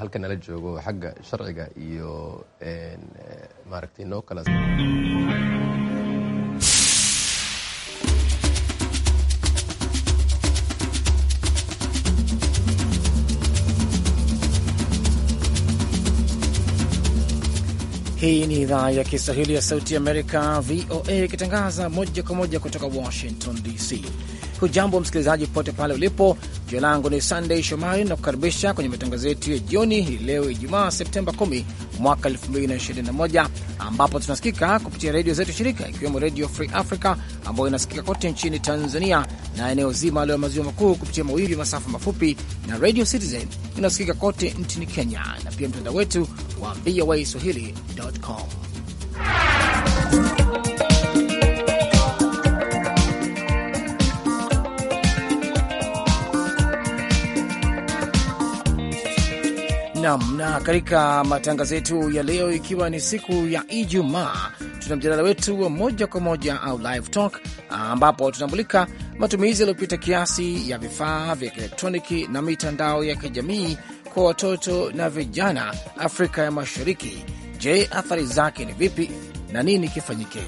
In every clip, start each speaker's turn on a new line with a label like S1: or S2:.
S1: halka nala joogo xagga sharciga iyo maaragtay noo kala Hii ni idhaa ya Kiswahili ya Sauti Amerika, VOA, ikitangaza moja kwa moja kutoka Washington DC. Hujambo msikilizaji, popote pale ulipo. Jina langu ni sandey Shomari na kukaribisha kwenye matangazo yetu ya jioni hii leo Ijumaa Septemba 10 mwaka 2021, ambapo tunasikika kupitia redio zetu shirika ikiwemo Redio Free Africa ambayo inasikika kote nchini Tanzania na eneo zima la maziwa makuu kupitia mawimbi masafa mafupi na Radio Citizen inasikika kote nchini Kenya na pia mtandao wetu wa VOA swahili.com. Naam, na katika matangazo yetu ya leo, ikiwa ni siku ya Ijumaa, tuna mjadala wetu wa moja kwa moja au live talk, ambapo tunamulika matumizi yaliyopita kiasi ya vifaa vya kielektroniki na mitandao ya kijamii kwa watoto na vijana Afrika ya Mashariki. Je, athari zake ni vipi na nini kifanyike?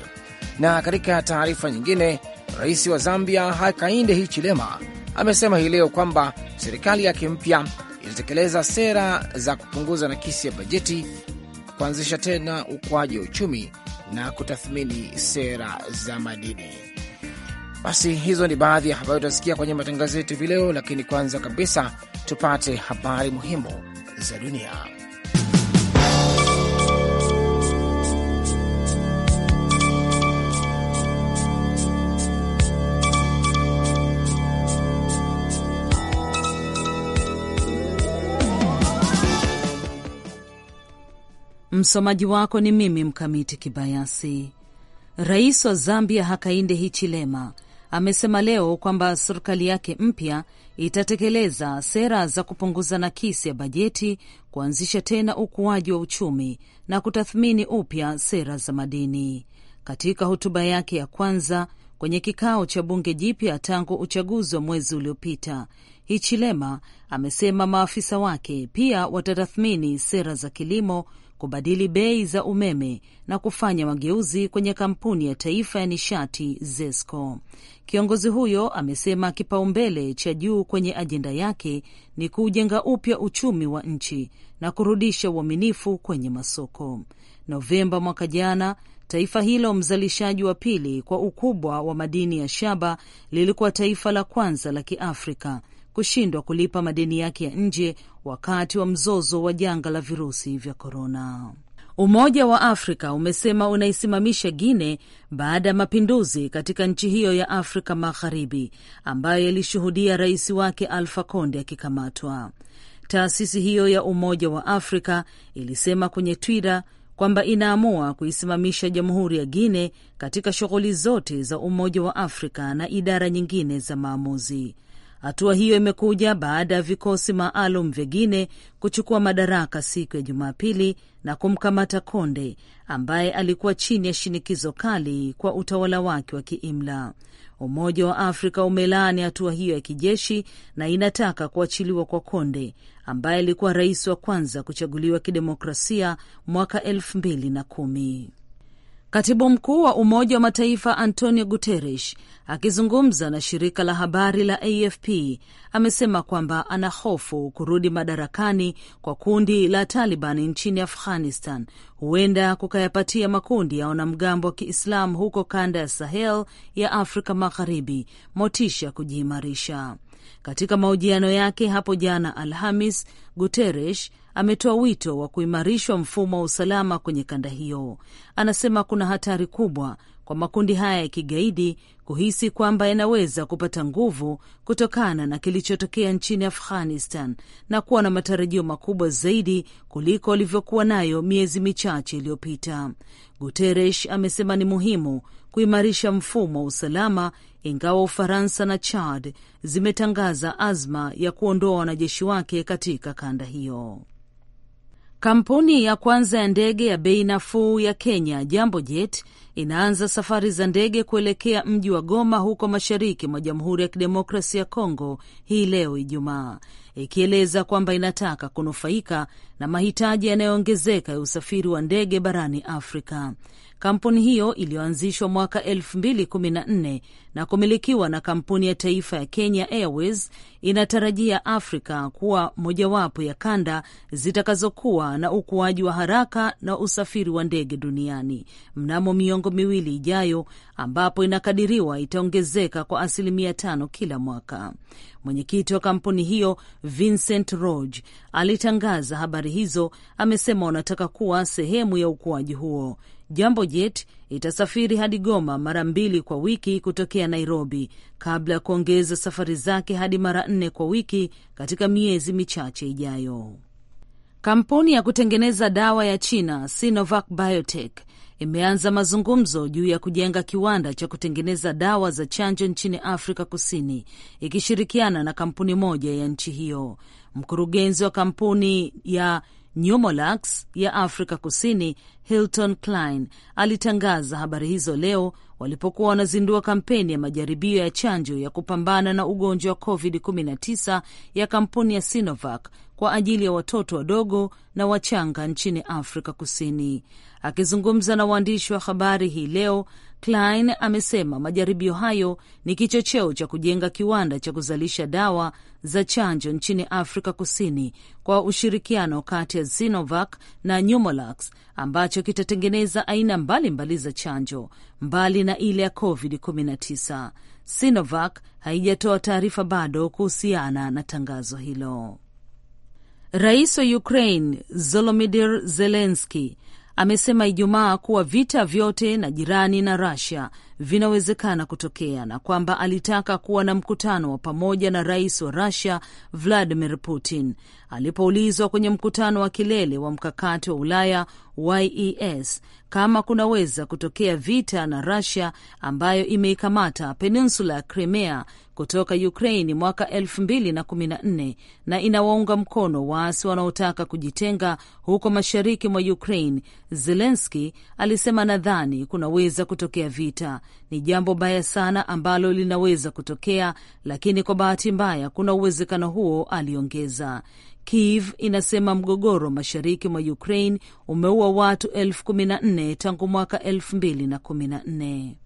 S1: Na katika taarifa nyingine, rais wa Zambia Hakainde Hichilema amesema hii leo kwamba serikali yake mpya ilitekeleza sera za kupunguza nakisi ya bajeti, kuanzisha tena ukuaji wa uchumi na kutathmini sera za madini. Basi hizo ni baadhi ya habari utasikia kwenye matangazo yetu hivi leo, lakini kwanza kabisa tupate habari muhimu za dunia.
S2: Msomaji wako ni mimi Mkamiti Kibayasi. Rais wa Zambia Hakainde Hichilema amesema leo kwamba serikali yake mpya itatekeleza sera za kupunguza nakisi ya bajeti, kuanzisha tena ukuaji wa uchumi na kutathmini upya sera za madini. Katika hotuba yake ya kwanza kwenye kikao cha bunge jipya tangu uchaguzi wa mwezi uliopita, Hichilema amesema maafisa wake pia watatathmini sera za kilimo, kubadili bei za umeme na kufanya mageuzi kwenye kampuni ya taifa ya nishati ZESCO. Kiongozi huyo amesema kipaumbele cha juu kwenye ajenda yake ni kuujenga upya uchumi wa nchi na kurudisha uaminifu kwenye masoko. Novemba mwaka jana taifa hilo mzalishaji wa pili kwa ukubwa wa madini ya shaba lilikuwa taifa la kwanza la Kiafrika kushindwa kulipa madeni yake ya nje wakati wa mzozo wa janga la virusi vya korona. Umoja wa Afrika umesema unaisimamisha Guine baada ya mapinduzi katika nchi hiyo ya Afrika Magharibi ambayo yalishuhudia rais wake Alfa conde akikamatwa. Taasisi hiyo ya Umoja wa Afrika ilisema kwenye Twitter kwamba inaamua kuisimamisha Jamhuri ya Guine katika shughuli zote za Umoja wa Afrika na idara nyingine za maamuzi. Hatua hiyo imekuja baada ya vikosi maalum vyengine kuchukua madaraka siku ya Jumapili na kumkamata Konde ambaye alikuwa chini ya shinikizo kali kwa utawala wake wa kiimla. Umoja wa Afrika umelaani hatua hiyo ya kijeshi na inataka kuachiliwa kwa Konde ambaye alikuwa rais wa kwanza kuchaguliwa kidemokrasia mwaka elfu mbili na kumi. Katibu mkuu wa Umoja wa Mataifa Antonio Guterres akizungumza na shirika la habari la AFP amesema kwamba ana hofu kurudi madarakani kwa kundi la Taliban nchini Afghanistan huenda kukayapatia makundi ya wanamgambo wa Kiislamu huko kanda ya Sahel ya Afrika Magharibi motisha kujiimarisha. Katika mahojiano yake hapo jana Alhamis, Guterres ametoa wito wa kuimarishwa mfumo wa usalama kwenye kanda hiyo. Anasema kuna hatari kubwa kwa makundi haya ya kigaidi kuhisi kwamba yanaweza kupata nguvu kutokana na kilichotokea nchini Afghanistan na kuwa na matarajio makubwa zaidi kuliko walivyokuwa nayo miezi michache iliyopita. Guterres amesema ni muhimu kuimarisha mfumo wa usalama, ingawa Ufaransa na Chad zimetangaza azma ya kuondoa wanajeshi wake katika kanda hiyo. Kampuni ya kwanza ya ndege ya bei nafuu ya Kenya, Jambo Jet, inaanza safari za ndege kuelekea mji wa Goma huko mashariki mwa Jamhuri ya Kidemokrasi ya Kongo hii leo Ijumaa, ikieleza kwamba inataka kunufaika na mahitaji yanayoongezeka ya usafiri wa ndege barani Afrika. Kampuni hiyo iliyoanzishwa mwaka 2014 na kumilikiwa na kampuni ya taifa ya Kenya Airways inatarajia Afrika kuwa mojawapo ya kanda zitakazokuwa na ukuaji wa haraka na usafiri wa ndege duniani mnamo miongo miongo miwili ijayo, ambapo inakadiriwa itaongezeka kwa asilimia tano kila mwaka. Mwenyekiti wa kampuni hiyo Vincent Roge alitangaza habari hizo, amesema wanataka kuwa sehemu ya ukuaji huo. Jambo Jet itasafiri hadi Goma mara mbili kwa wiki kutokea Nairobi, kabla ya kuongeza safari zake hadi mara nne kwa wiki katika miezi michache ijayo. Kampuni ya kutengeneza dawa ya China Sinovac Biotech imeanza mazungumzo juu ya kujenga kiwanda cha kutengeneza dawa za chanjo nchini Afrika Kusini ikishirikiana na kampuni moja ya nchi hiyo. Mkurugenzi wa kampuni ya nyumolax ya Afrika Kusini Hilton Klein alitangaza habari hizo leo walipokuwa wanazindua kampeni ya majaribio ya chanjo ya kupambana na ugonjwa wa COVID-19 ya kampuni ya Sinovac kwa ajili ya watoto wadogo na wachanga nchini Afrika Kusini. Akizungumza na waandishi wa habari hii leo, Klein amesema majaribio hayo ni kichocheo cha kujenga kiwanda cha kuzalisha dawa za chanjo nchini Afrika Kusini kwa ushirikiano kati ya Sinovac na nyumolax ambacho kitatengeneza aina mbalimbali mbali za chanjo mbali na ile ya COVID-19. Sinovac haijatoa taarifa bado kuhusiana na tangazo hilo. Rais wa Ukraine Volodymyr Zelensky amesema Ijumaa kuwa vita vyote na jirani na Russia vinawezekana kutokea na kwamba alitaka kuwa na mkutano wa pamoja na rais wa Rusia Vladimir Putin. Alipoulizwa kwenye mkutano wa kilele wa mkakati wa Ulaya YES kama kunaweza kutokea vita na Rusia ambayo imeikamata peninsula ya Crimea kutoka Ukraini mwaka elfu mbili na kumi na nne na inawaunga mkono waasi wanaotaka kujitenga huko mashariki mwa Ukraine, Zelenski alisema nadhani kunaweza kutokea vita, ni jambo baya sana ambalo linaweza kutokea, lakini kwa bahati mbaya kuna uwezekano huo, aliongeza. Kiev inasema mgogoro mashariki mwa Ukraine umeua watu elfu kumi na nne tangu mwaka elfu mbili na kumi na nne.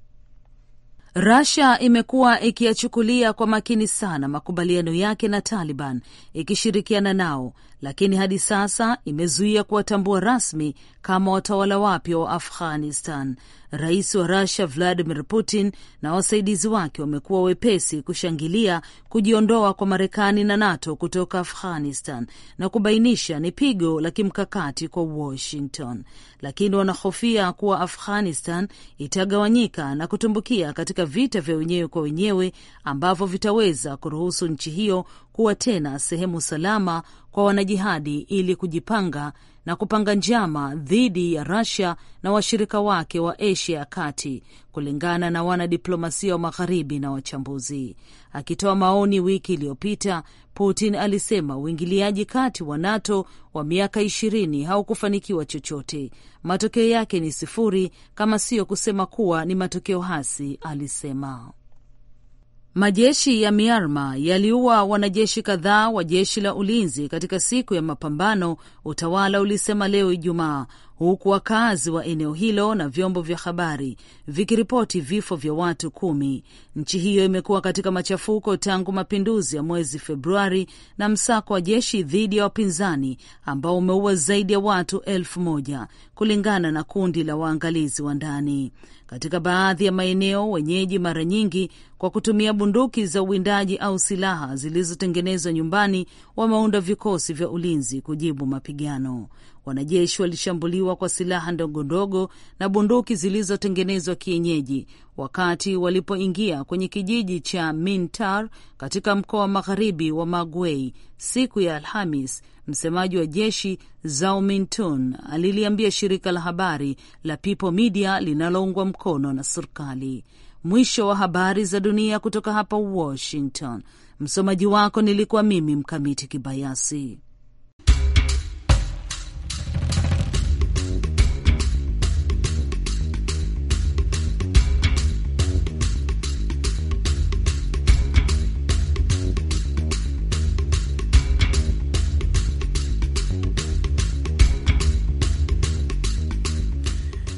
S2: Russia imekuwa ikiyachukulia kwa makini sana makubaliano yake na Taliban ikishirikiana nao lakini hadi sasa imezuia kuwatambua rasmi kama watawala wapya wa Afghanistan. Rais wa Rusia Vladimir Putin na wasaidizi wake wamekuwa wepesi kushangilia kujiondoa kwa Marekani na NATO kutoka Afghanistan na kubainisha ni pigo la kimkakati kwa Washington, lakini wanahofia kuwa Afghanistan itagawanyika na kutumbukia katika vita vya wenyewe kwa wenyewe ambavyo vitaweza kuruhusu nchi hiyo kuwa tena sehemu salama kwa wanajihadi ili kujipanga na kupanga njama dhidi ya Russia na washirika wake wa Asia ya Kati, kulingana na wanadiplomasia wa Magharibi na wachambuzi. Akitoa maoni wiki iliyopita, Putin alisema uingiliaji kati wa NATO wa miaka ishirini haukufanikiwa chochote, matokeo yake ni sifuri, kama siyo kusema kuwa ni matokeo hasi, alisema. Majeshi ya Myanmar yaliua wanajeshi kadhaa wa jeshi la ulinzi katika siku ya mapambano, utawala ulisema leo Ijumaa, huku wakazi wa eneo hilo na vyombo vya habari vikiripoti vifo vya watu kumi. Nchi hiyo imekuwa katika machafuko tangu mapinduzi ya mwezi Februari na msako wa jeshi dhidi ya wapinzani ambao umeua zaidi ya watu elfu moja kulingana na kundi la waangalizi wa ndani. Katika baadhi ya maeneo, wenyeji mara nyingi kwa kutumia bunduki za uwindaji au silaha zilizotengenezwa nyumbani wameunda vikosi vya ulinzi kujibu mapigano. Wanajeshi walishambuliwa kwa silaha ndogondogo na bunduki zilizotengenezwa kienyeji wakati walipoingia kwenye kijiji cha Mintar katika mkoa wa magharibi wa Magwei siku ya Alhamis. Msemaji wa jeshi Zau Mintun aliliambia shirika la habari la People Media linaloungwa mkono na serikali. Mwisho wa habari za dunia kutoka hapa Washington. Msomaji wako nilikuwa mimi Mkamiti Kibayasi.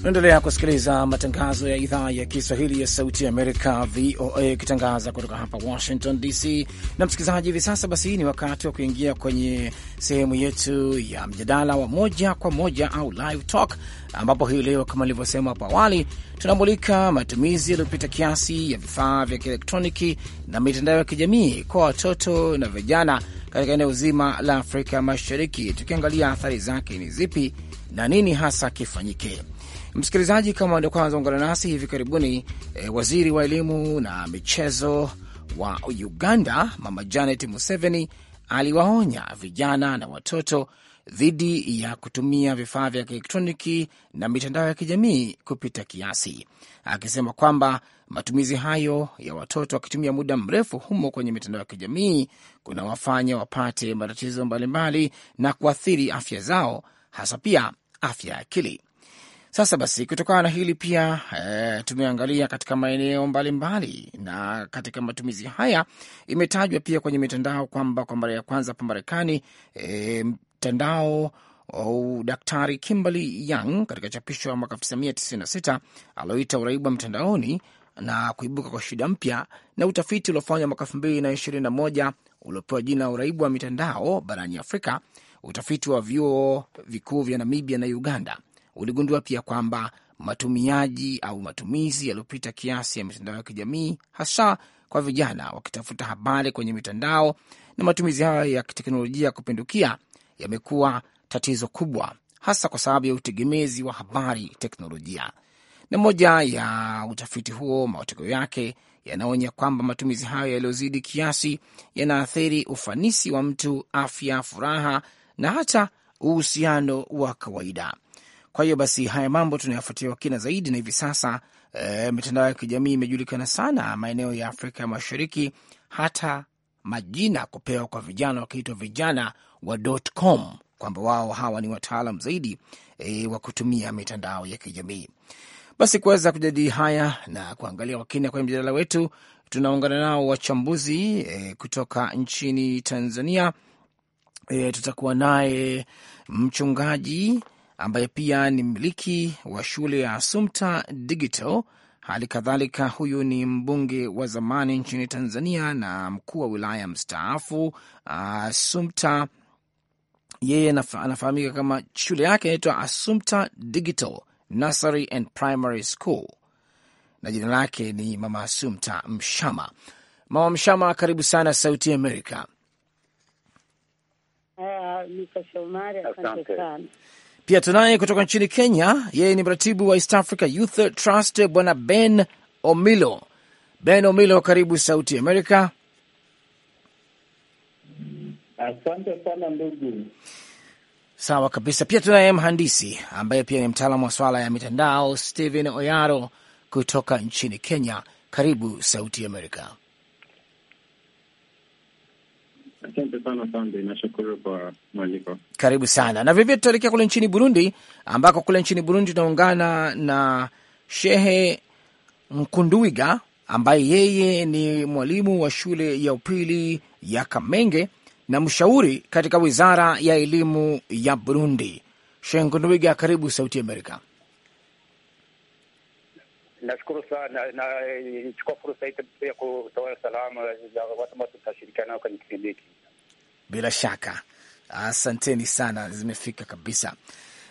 S1: naendelea kusikiliza matangazo ya idhaa ya Kiswahili ya Sauti ya Amerika, VOA, ikitangaza kutoka hapa Washington DC. Na msikilizaji, hivi sasa basi ni wakati wa kuingia kwenye sehemu yetu ya mjadala wa moja kwa moja au live talk, ambapo hii leo kama ilivyosema hapo awali, tunamulika matumizi yaliyopita kiasi ya vifaa vya kielektroniki na mitandao ya kijamii kwa watoto na vijana katika eneo zima la Afrika Mashariki, tukiangalia athari zake ni zipi na nini hasa kifanyike. Msikilizaji, kama ndio kwanza ungana nasi hivi karibuni, e, waziri wa elimu na michezo wa Uganda Mama Janet Museveni aliwaonya vijana na watoto dhidi ya kutumia vifaa vya kielektroniki na mitandao ya kijamii kupita kiasi, akisema kwamba matumizi hayo ya watoto wakitumia muda mrefu humo kwenye mitandao ya kijamii kunawafanya wapate matatizo mbalimbali na kuathiri afya zao, hasa pia afya ya akili. Sasa basi, kutokana na hili pia e, tumeangalia katika maeneo mbalimbali, na katika matumizi haya imetajwa pia kwenye mitandao kwamba kwa mara ya kwanza hapa Marekani e, mtandao au oh, Daktari Kimberly Young katika chapisho la mwaka 1996 alioita uraibu wa mtandaoni na kuibuka kwa shida mpya, na utafiti uliofanywa mwaka 2021 uliopewa jina uraibu wa mitandao barani Afrika, utafiti wa vyuo vikuu vya Namibia na Uganda uligundua pia kwamba matumiaji au matumizi yaliyopita kiasi ya mitandao ya kijamii, hasa kwa vijana wakitafuta habari kwenye mitandao, na matumizi hayo ya teknolojia kupindukia yamekuwa tatizo kubwa, hasa kwa sababu ya utegemezi wa habari teknolojia. Na moja ya utafiti huo, matokeo yake yanaonya kwamba matumizi hayo yaliyozidi kiasi yanaathiri ufanisi wa mtu, afya, furaha na hata uhusiano wa kawaida. Kwa hiyo basi haya mambo tunayafuatia kwa kina zaidi, na hivi sasa e, mitandao ya kijamii imejulikana sana maeneo ya Afrika Mashariki, hata majina kupewa kwa vijana wakiitwa vijana wa .com kwamba wao hawa ni wataalam zaidi e, wa kutumia mitandao ya kijamii. Basi kuweza kujadili haya na kuangalia kwa kina kwenye mjadala wetu tunaungana nao wachambuzi e, kutoka nchini Tanzania. E, tutakuwa naye mchungaji ambaye pia ni mmiliki wa shule ya Sumta Digital. Hali kadhalika huyu ni mbunge wa zamani nchini Tanzania na mkuu wa wilaya mstaafu uh, Sumta. Yeye anafahamika kama shule yake inaitwa Asumta Digital Nursery and Primary School, na jina lake ni Mama Asumta Mshama. Mama Mshama, karibu sana Sauti Amerika.
S3: Uh, Shomari, asante sana.
S1: Pia tunaye kutoka nchini Kenya, yeye ni mratibu wa East Africa Youth Trust, bwana Ben Omilo. Ben Omilo, karibu Sauti Amerika.
S4: Asante sana ndugu.
S1: Sawa kabisa. Pia tunaye mhandisi ambaye pia ni mtaalamu wa swala ya mitandao Stephen Oyaro kutoka nchini Kenya. Karibu Sauti Amerika.
S5: Asante sana Sande, nashukuru kwa mwaliko.
S1: Karibu sana na vivyo, tutaelekea kule nchini Burundi, ambako kule nchini Burundi tunaungana na Shehe Mkunduiga ambaye yeye ni mwalimu wa shule ya upili ya Kamenge na mshauri katika wizara ya elimu ya Burundi. Shehe Mkunduiga, karibu Sauti Amerika.
S6: Nashukuru sana na chukua fursa hii pia kutoa salamu za watu ambao tutashirikiana nao kwenye kipindi hiki.
S1: Bila shaka, asanteni sana, zimefika kabisa.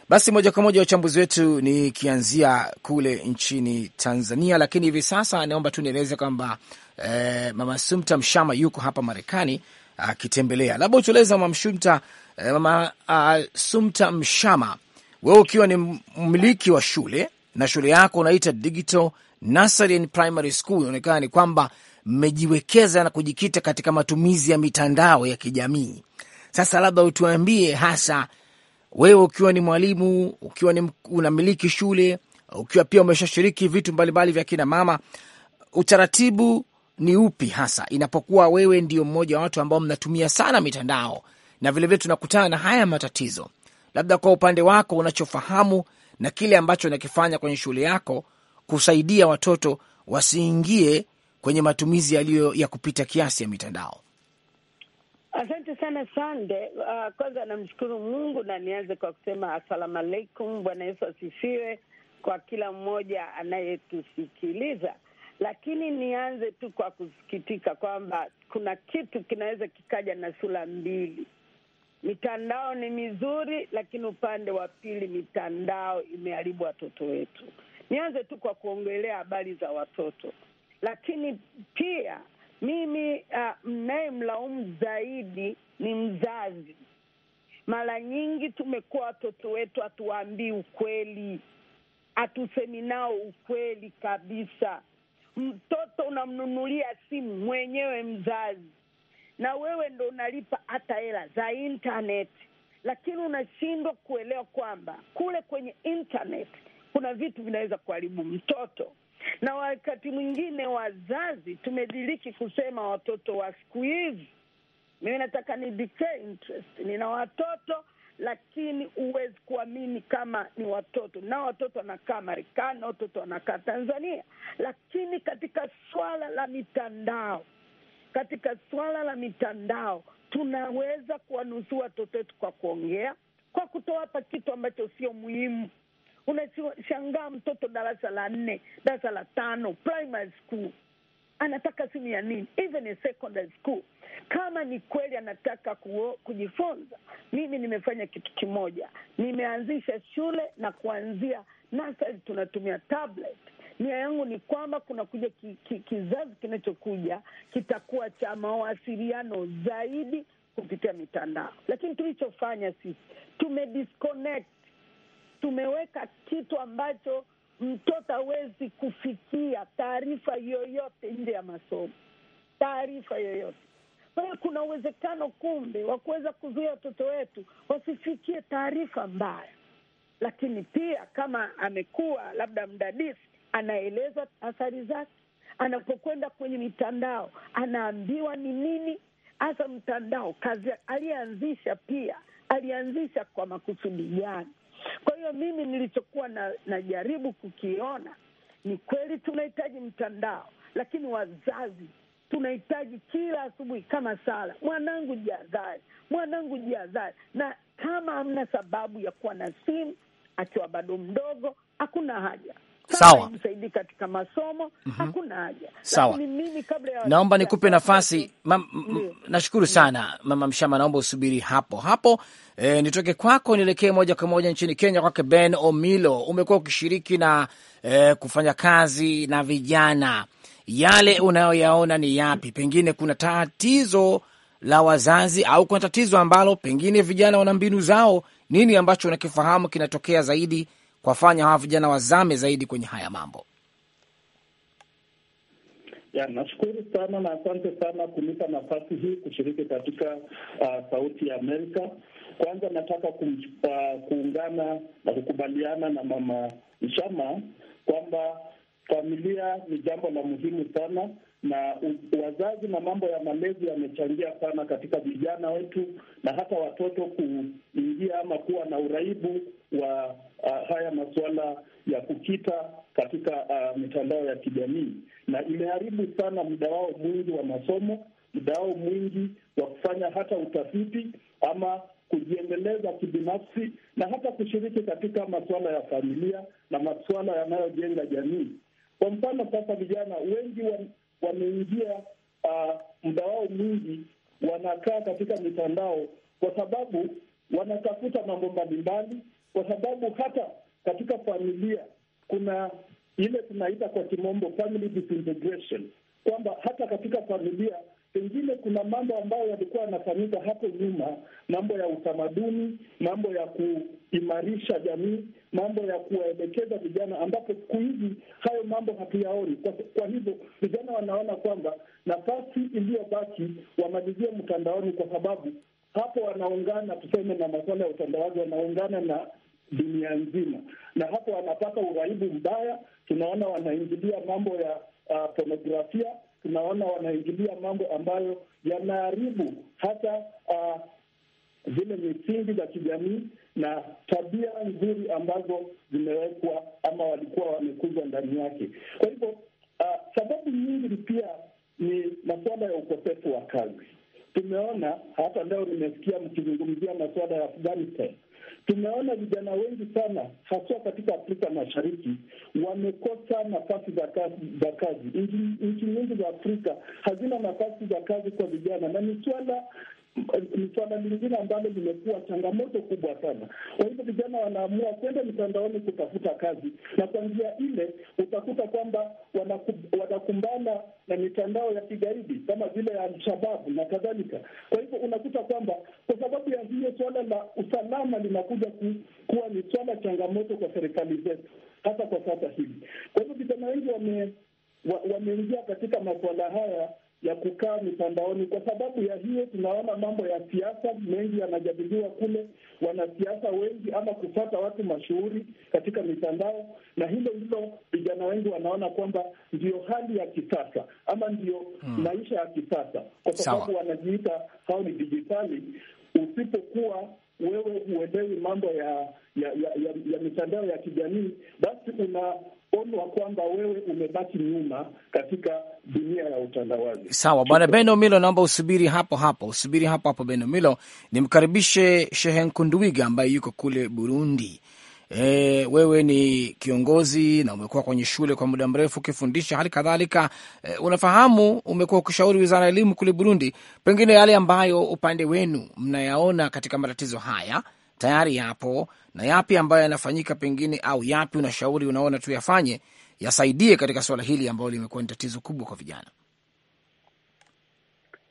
S1: Basi moja kwa moja uchambuzi wetu ni kianzia kule nchini Tanzania, lakini hivi sasa naomba tu nieleze kwamba eh, Mama Sumta Mshama yuko hapa Marekani akitembelea. Labda utueleza Mama Mshumta, eh, Mama uh, Sumta Mshama, wewe ukiwa ni mmiliki wa shule na shule yako unaita digital nursery and primary school, inaonekana ni kwamba mmejiwekeza na kujikita katika matumizi ya mitandao ya kijamii. Sasa labda utuambie hasa wewe ukiwa ni mwalimu, ukiwa ni unamiliki shule, ukiwa pia umeshashiriki vitu mbalimbali vya kina mama, utaratibu ni upi hasa inapokuwa wewe ndio mmoja wa watu ambao mnatumia sana mitandao na vilevile tunakutana na haya matatizo? Labda kwa upande wako unachofahamu na kile ambacho nakifanya kwenye shule yako kusaidia watoto wasiingie kwenye matumizi yaliyo ya kupita kiasi ya mitandao.
S3: Asante sana Sande. Uh, kwanza namshukuru Mungu na nianze kwa kusema asalamu alaikum. Bwana Yesu asifiwe kwa kila mmoja anayetusikiliza, lakini nianze tu kwa kusikitika kwamba kuna kitu kinaweza kikaja na sura mbili. Mitandao ni mizuri, lakini upande wa pili, mitandao imeharibu watoto wetu. Nianze tu kwa kuongelea habari za watoto, lakini pia mimi uh, ah, mnayemlaumu zaidi ni mzazi. Mara nyingi tumekuwa watoto wetu hatuwaambii ukweli, hatusemi nao ukweli kabisa. Mtoto unamnunulia simu mwenyewe mzazi na wewe ndo unalipa hata hela za internet, lakini unashindwa kuelewa kwamba kule kwenye internet kuna vitu vinaweza kuharibu mtoto. Na wakati mwingine wazazi tumediriki kusema watoto wa siku hizi, mimi nataka ni declare interest, nina watoto lakini huwezi kuamini kama ni watoto na watoto wanakaa Marekani na watoto wanakaa Tanzania, lakini katika swala la mitandao katika swala la mitandao tunaweza kuwanusuu watoto wetu kwa kuongea, kwa kutowapa kitu ambacho sio muhimu. Unashangaa mtoto darasa la nne, darasa la tano, primary school anataka simu ya nini? Even secondary school, kama ni kweli anataka kujifunza. Mimi nimefanya kitu kimoja, nimeanzisha shule na kuanzia nasari tunatumia tablet Nia yangu ni kwamba kuja ki, ki, kizazi kinachokuja kitakuwa cha mawasiliano zaidi kupitia mitandao, lakini tulichofanya sisi tume tumeweka kitu ambacho mtoto hawezi kufikia taarifa yoyote nje ya masomo, taarifa yoyote. Kwa hiyo kuna uwezekano kumbe wa kuweza kuzuia watoto wetu wasifikie taarifa mbaya, lakini pia kama amekuwa labda mdadisi anaeleza athari zake. Anapokwenda kwenye mitandao, anaambiwa ni nini hasa mtandao kazi alianzisha. Pia alianzisha kwa makusudi gani? Kwa hiyo mimi nilichokuwa na, najaribu kukiona ni kweli tunahitaji mtandao, lakini wazazi tunahitaji kila asubuhi kama sala, mwanangu jiadhari, mwanangu jiadhari. Na kama hamna sababu ya kuwa na simu akiwa bado mdogo, hakuna haja sawa, msaidii katika masomo mm -hmm. hakuna haja. Sawa, mimi kabla ya
S1: naomba nikupe nafasi mam, nashukuru sana mama Mshama, naomba usubiri hapo hapo. E, nitoke kwako nielekee moja kwa moja nchini Kenya kwake Ben Omilo. Umekuwa ukishiriki na e, kufanya kazi na vijana, yale unayoyaona ni yapi? Pengine kuna tatizo la wazazi au kuna tatizo ambalo pengine vijana wana mbinu zao, nini ambacho unakifahamu kinatokea zaidi kuwafanya hawa vijana wazame zaidi kwenye haya mambo?
S4: Ya, nashukuru sana na asante sana kunipa nafasi hii kushiriki katika uh, Sauti ya Amerika. Kwanza nataka kum, uh, kuungana na kukubaliana na Mama mshama kwamba familia ni jambo la muhimu sana, na wazazi na mambo ya malezi yamechangia sana katika vijana wetu na hata watoto kuingia ama kuwa na uraibu wa uh, haya masuala ya kukita katika uh, mitandao ya kijamii, na imeharibu sana muda wao mwingi wa masomo, muda wao mwingi wa kufanya hata utafiti ama kujiendeleza kibinafsi, na hata kushiriki katika masuala ya familia na masuala yanayojenga jamii. Kwa mfano, sasa vijana wengi wameingia uh, muda wao mwingi wanakaa katika mitandao kwa sababu wanatafuta mambo mbalimbali kwa sababu hata katika familia kuna ile tunaita kwa kimombo family disintegration, kwamba hata katika familia pengine kuna mambo ambayo yalikuwa yanafanyika hapo nyuma, mambo ya utamaduni, mambo ya kuimarisha jamii, mambo ya kuwaelekeza vijana, ambapo siku hizi hayo mambo hatuyaoni. Kwa, kwa hivyo vijana wanaona kwamba nafasi iliyobaki wamalizie mtandaoni, kwa sababu hapo wanaungana tuseme na masuala ya utandawazi, wanaungana na dunia nzima, na hapo wanapata uraibu mbaya. Tunaona wanaingilia mambo ya uh, pornografia. Tunaona wanaingilia mambo ambayo yanaharibu hata uh, zile misingi za kijamii na tabia nzuri ambazo zimewekwa ama walikuwa wamekuzwa ndani yake. Kwa hivyo uh, sababu nyingi pia ni masuala ya ukosefu wa kazi. Tumeona hata leo nimesikia mkizungumzia masuala ya Afghanistan Tumeona vijana wengi sana haswa katika Afrika Mashariki wamekosa nafasi za kazi, Nchi nyingi za Afrika hazina nafasi za kazi kwa vijana, na ni swala ni swala lingine ambalo limekuwa changamoto kubwa sana. Kwa hivyo vijana wanaamua kwenda mitandaoni kutafuta kazi, na kwa njia ile utakuta kwamba wanakumbana na mitandao ya kigaidi kama vile ya Alshababu na kadhalika. Kwa hivyo unakuta kwamba kwa sababu ya hiyo, swala la usalama linakuja ku, kuwa ni swala changamoto kwa serikali zetu, hasa kwa sasa hivi. Kwa hivyo vijana wengi wameingia wame katika masuala haya ya kukaa mitandaoni. Kwa sababu ya hiyo, tunaona mambo ya siasa mengi yanajadiliwa kule, wanasiasa wengi ama kufata watu mashuhuri katika mitandao, na hilo ndilo vijana wengi wanaona kwamba ndio hali ya kisasa ama ndio hmm, maisha ya kisasa, kwa sababu wanajiita hao ni dijitali. Usipokuwa wewe huelewi mambo ya ya ya, ya, ya mitandao ya kijamii, basi una ono wa kwamba wewe umebaki nyuma katika dunia ya utandawazi. Sawa bwana Beno
S1: Milo, naomba usubiri hapo hapo, usubiri hapo hapo Beno Milo, nimkaribishe Shehe Nkunduwiga ambaye yuko kule Burundi. E, wewe ni kiongozi na umekuwa kwenye shule kwa muda mrefu ukifundisha, hali kadhalika e, unafahamu, umekuwa ukishauri wizara ya elimu kule Burundi, pengine yale ambayo upande wenu mnayaona katika matatizo haya tayari yapo na yapi ambayo yanafanyika pengine, au yapi unashauri unaona tu yafanye yasaidie katika suala hili ambalo limekuwa ni tatizo kubwa kwa vijana?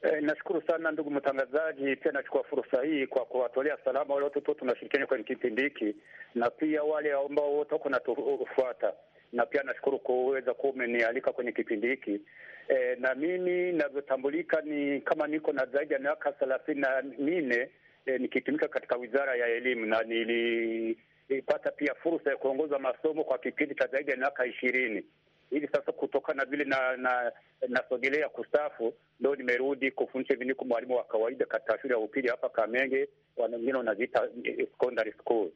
S6: E, nashukuru sana ndugu mtangazaji. Pia nachukua fursa hii kwa kuwatolea salama wale watu tu tunashirikiana kwenye kipindi hiki na pia wale ambao wote wako natufuata, na pia nashukuru kuweza kuwa umenialika kwenye kipindi hiki e, na mimi navyotambulika ni kama niko na zaidi ya miaka thelathini na nne eh, nikitumika katika wizara ya elimu na nilipata pia fursa ya kuongoza masomo kwa kipindi cha zaidi ya miaka ishirini hivi sasa. Kutokana vile na, na nasogelea kustafu, ndo nimerudi kufundisha hivi, niko mwalimu wa kawaida katika shule ya upili hapa Kamenge, wengine wanaziita eh, secondary school.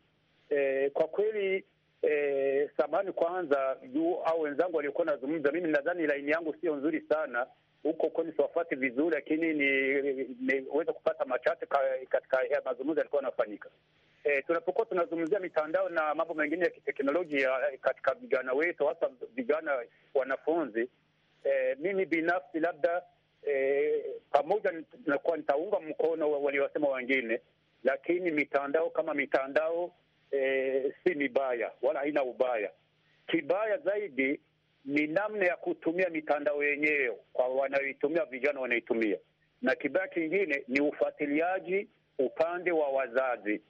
S6: Eh, kwa kweli e, eh, samani kwanza juu au wenzangu waliokuwa nazungumza, mimi nadhani laini yangu sio nzuri sana huko kweli siwafuati vizuri, lakini nimeweza kupata machache katika ya mazungumzo yalikuwa yanafanyika. E, tunapokuwa tunazungumzia mitandao na mambo mengine ya kiteknolojia katika vijana wetu, hasa vijana wanafunzi, e, mimi binafsi labda e, pamoja nakuwa nitaunga mkono waliosema wengine, lakini mitandao kama mitandao e, si mibaya wala haina ubaya. Kibaya zaidi ni namna ya kutumia mitandao yenyewe kwa wanaoitumia, vijana wanaitumia, na kibaya kingine ni ufuatiliaji upande wa wazazi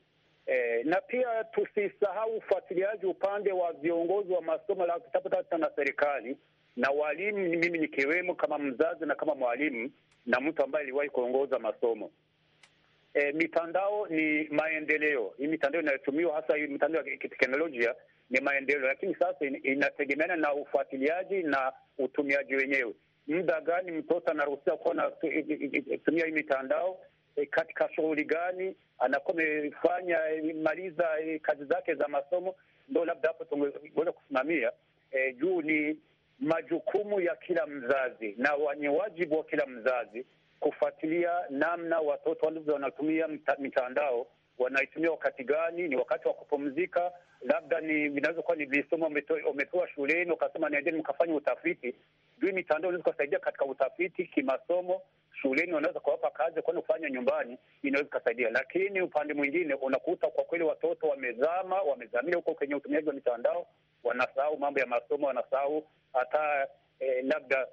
S6: e, na pia tusisahau ufuatiliaji upande wa viongozi wa masomo na serikali na walimu, mimi nikiwemo kama mzazi na kama mwalimu na mtu ambaye aliwahi kuongoza masomo. E, mitandao ni maendeleo. Hii mitandao inayotumiwa hasa hii mitandao ya kiteknolojia ni maendeleo, lakini sasa inategemeana na ufuatiliaji na utumiaji wenyewe, muda gani mtoto anaruhusiwa kuwa anatumia hii mitandao e, katika shughuli gani anakuwa amefanya e, maliza e, kazi zake za masomo, ndo labda hapo tungeweza kusimamia e, juu ni majukumu ya kila mzazi na wenye wajibu wa kila mzazi kufuatilia namna watoto walivyo wanatumia mitandao wanaitumia wakati gani? Ni wakati wa kupumzika, labda ni vinaweza kuwa ni visomo wamepewa shuleni, wakasema naendeni mkafanya utafiti juu. Mitandao inaweza kusaidia katika utafiti kimasomo shuleni, wanaweza kuwapa kazi kwani kufanya nyumbani, inaweza kasaidia Lakini upande mwingine unakuta kwa kweli watoto wamezama, wamezamia huko kwenye utumiaji wa mitandao, wanasahau mambo ya masomo, wanasahau hata eh, labda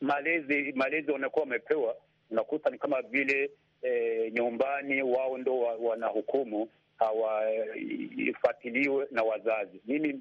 S6: malezi malezi wanakuwa wamepewa, unakuta ni kama vile e, nyumbani wao ndo wanahukumu hawafatiliwe na wazazi. Mimi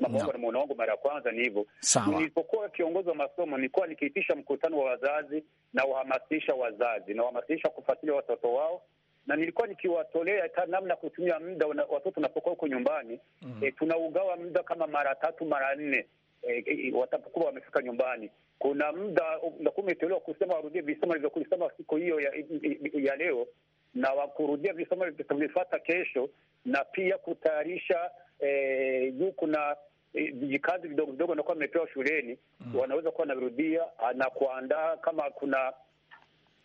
S6: na mwana wangu mara ya kwanza ni hivyo. Nilipokuwa kiongozi wa masomo, nilikuwa nikiitisha mkutano wa wazazi na wahamasisha wazazi na wahamasisha kufuatilia watoto wao, na nilikuwa nikiwatolea hata namna kutumia muda watoto wanapokuwa huko nyumbani. Mm. E, tunaugawa muda kama mara tatu mara nne Eh, eh, eh, watapokuwa wamefika nyumbani. Kuna muda utakuwa umetolewa kusema warudie visomo walivyokuvisoma siku hiyo ya, ya leo na wakurudia visomo vitavifata kesho, na pia kutayarisha eh, juu eh, kuna vijikazi vidogo vidogo nakuwa wamepewa shuleni mm. wanaweza kuwa wanavirudia ah, na kuandaa kama kuna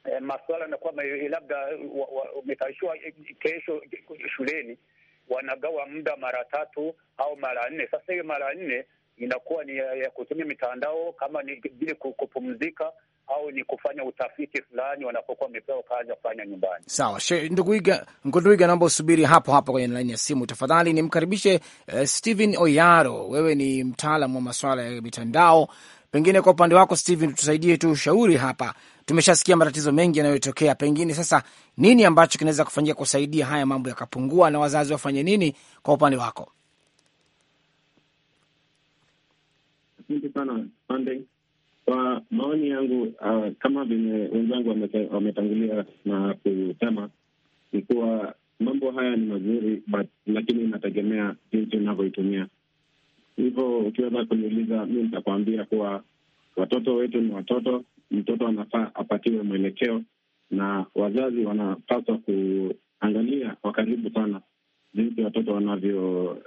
S6: maswala masuala nakuwa labda umetayarishwa kesho shuleni wanagawa muda mara tatu au mara nne. Sasa hiyo mara nne inakuwa ni ya, kutumia mitandao kama ni vile kupumzika au ni kufanya utafiti
S1: fulani wanapokuwa wamepewa kazi ya kufanya nyumbani. Sawa, Nduiga, naomba usubiri hapo hapo kwenye laini ya simu tafadhali. Nimkaribishe uh, Steven Oyaro, wewe ni mtaalamu wa masuala ya mitandao. Pengine kwa upande wako Steven, tusaidie tu ushauri hapa. Tumeshasikia matatizo mengi yanayotokea, pengine sasa nini ambacho kinaweza kufanyika kusaidia haya mambo yakapungua, na wazazi wafanye nini kwa upande wako?
S5: Asante sana Sande. Kwa maoni yangu, uh, kama vile wenzangu wametangulia na kusema ni kuwa mambo haya ni mazuri but, lakini inategemea jinsi unavyoitumia. Hivyo ukiweza kuniuliza, mi nitakuambia kuwa watoto wetu ni watoto. Mtoto anafaa apatiwe mwelekeo, na wazazi wanapaswa kuangalia kwa karibu sana jinsi watoto wanavyo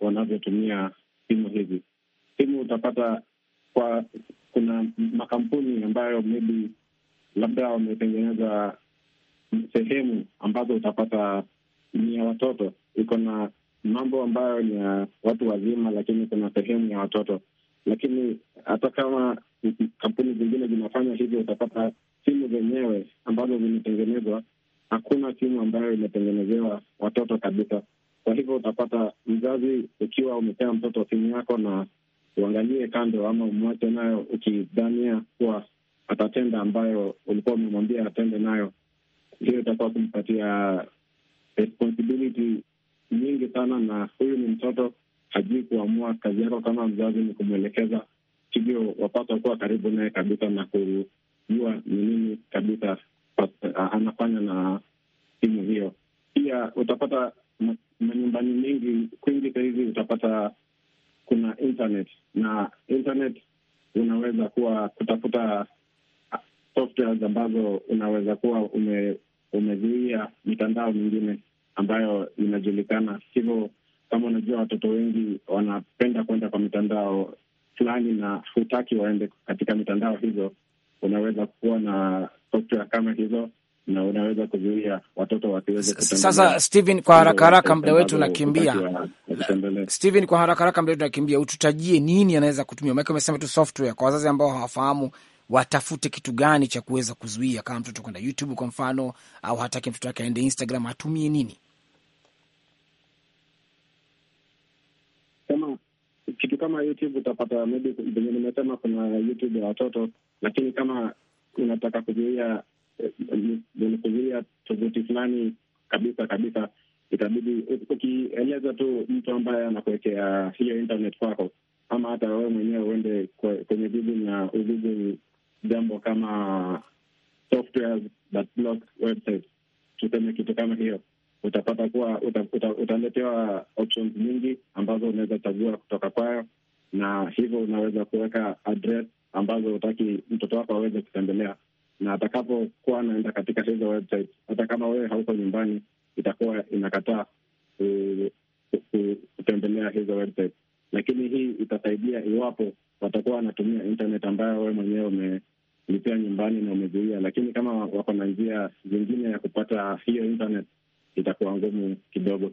S5: wanavyotumia simu hizi Simu utapata kwa kuna makampuni ambayo maybe labda wametengeneza sehemu ambazo utapata ni ya watoto, iko na mambo ambayo ni ya watu wazima, lakini kuna sehemu ya watoto. Lakini hata kama kampuni zingine zinafanya hivyo, utapata simu zenyewe ambazo zimetengenezwa, hakuna simu ambayo imetengenezewa watoto kabisa. Kwa hivyo utapata mzazi, ukiwa umepea mtoto simu yako na uangalie kando, ama umwache nayo, ukidhania kuwa atatenda ambayo ulikuwa umemwambia atende nayo, hiyo itakuwa kumpatia responsibility nyingi sana. Na huyu ni mtoto, hajui kuamua. Kazi yako kama mzazi ni kumwelekeza, hivyo wapata kuwa karibu naye kabisa na kujua ni nini kabisa anafanya na timu hiyo. Pia utapata manyumbani mengi kwingi sahizi, utapata kuna internet na internet unaweza kuwa kutafuta softwares ambazo unaweza kuwa ume, umezuia mitandao mingine ambayo inajulikana. Hivyo kama unajua, watoto wengi wanapenda kwenda kwa mitandao fulani na hutaki waende katika mitandao hizo, unaweza kuwa na software kama hizo na unaweza kuzuia watoto wasiweze kutembea. Sasa Steven, kwa haraka haraka, muda wetu unakimbia.
S1: Steven, kwa haraka haraka, muda wetu unakimbia, ututajie nini anaweza kutumia? Maana umesema tu software. Kwa wazazi ambao hawafahamu, watafute kitu gani cha kuweza kuzuia, kama mtoto kwenda YouTube kwa mfano, au hataki mtoto wake aende Instagram, atumie nini?
S5: Kama kitu kama YouTube utapata, maybe venye nimesema, kuna YouTube ya watoto, lakini kama unataka kuzuia zimekuzuia tovuti fulani kabisa kabisa, itabidi ukieleza tu mtu ambaye anakuwekea hiyo internet kwako, ama hata wewe mwenyewe uende kwenye Google na ugugu jambo kama that websites, tuseme kitu kama hiyo, utapata kuwa uta, uta, utaletewa options nyingi ambazo unaweza chagua kutoka kwayo, na hivyo unaweza kuweka address ambazo utaki mtoto wako aweze kutembelea na atakapokuwa anaenda katika hizo website, hata kama wewe hauko nyumbani, itakuwa inakataa kutembelea hizo website. Lakini hii itasaidia iwapo watakuwa wanatumia internet ambayo wewe mwenyewe umelipia nyumbani na umezuia, lakini kama wako na njia zingine ya kupata hiyo internet itakuwa ngumu kidogo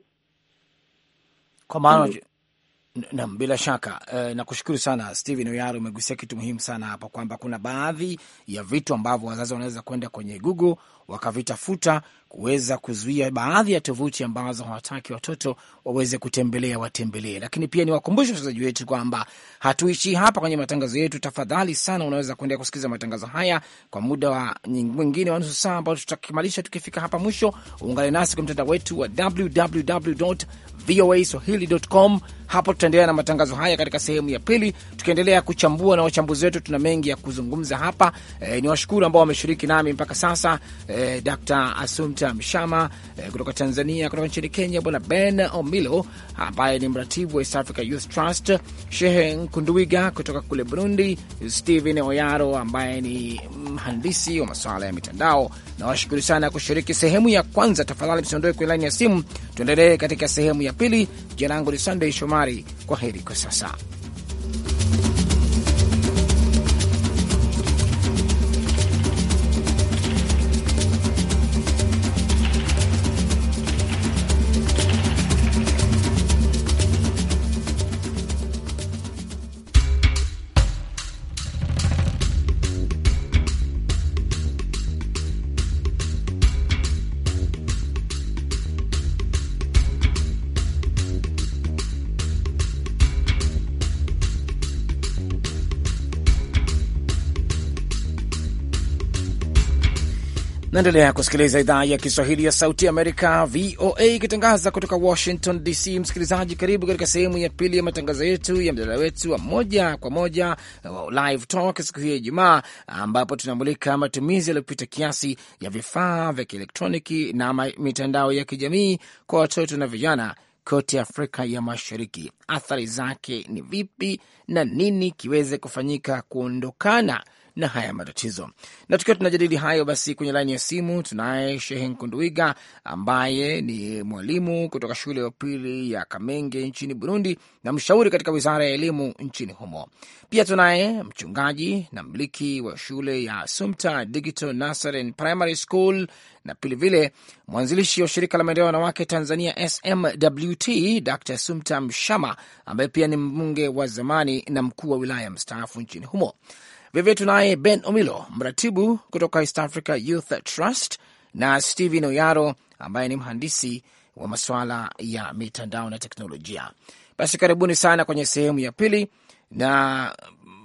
S1: kwa maana Naam, bila shaka na eh, nakushukuru sana Steven Oyar, umegusia kitu muhimu sana hapa kwamba kuna baadhi ya vitu ambavyo wazazi wanaweza kwenda kwenye Google wakavitafuta kuweza kuzuia baadhi ya tovuti ambazo hawataki watoto waweze kutembelea watembelee. Lakini pia ni wakumbushe wasikilizaji wetu kwamba hatuishi hapa kwenye matangazo yetu. Tafadhali sana, unaweza kuendelea kusikiliza matangazo haya kwa muda wa mwingine wa nusu saa ambao tutakimalisha tukifika hapa mwisho. Uungane nasi kwa mtandao wetu wa www voa swahili.com. Hapo tutaendelea na matangazo haya katika sehemu ya pili, tukiendelea kuchambua na wachambuzi wetu. Tuna mengi ya kuzungumza hapa. E, eh, ni washukuru ambao wameshiriki nami mpaka sasa. E, Dr. Asum Peter Mshama eh, kutoka Tanzania, kutoka nchini Kenya bwana Ben Omilo ambaye ni mratibu wa East Africa Youth Trust, Shehe Nkunduiga kutoka kule Burundi, Steven Oyaro ambaye ni mhandisi wa masuala ya mitandao. Na washukuru sana kushiriki sehemu ya kwanza. Tafadhali msiondoe kwenye laini ya simu, tuendelee katika sehemu ya pili. Jina langu ni Sunday Shomari. Kwa heri kwa sasa. Naendelea kusikiliza idhaa ya Kiswahili ya Sauti ya Amerika, VOA, ikitangaza kutoka Washington DC. Msikilizaji, karibu katika sehemu ya pili ya matangazo yetu ya mjadala wetu wa moja kwa moja wa uh, Live Talk siku hii ya Ijumaa, ambapo tunamulika matumizi yaliyopita kiasi ya vifaa vya kielektroniki na mitandao ya kijamii kwa watoto na vijana kote Afrika ya Mashariki. Athari zake ni vipi na nini kiweze kufanyika kuondokana na haya matatizo. Na tukiwa tunajadili hayo, basi kwenye laini ya simu tunaye Shehe Nkunduiga ambaye ni mwalimu kutoka shule ya upili ya Kamenge nchini Burundi na mshauri katika wizara ya elimu nchini humo. Pia tunaye mchungaji na mmiliki wa shule ya Sumta Digital Nazarene Primary School na pili vile mwanzilishi wa shirika la maendeleo ya wanawake Tanzania SMWT, Dr Sumta Mshama ambaye pia ni mbunge wa zamani na mkuu wa wilaya mstaafu nchini humo. Vilevile tunaye Ben Omilo, mratibu kutoka East Africa Youth Trust, na Steven Oyaro ambaye ni mhandisi wa masuala ya mitandao na teknolojia. Basi karibuni sana kwenye sehemu ya pili na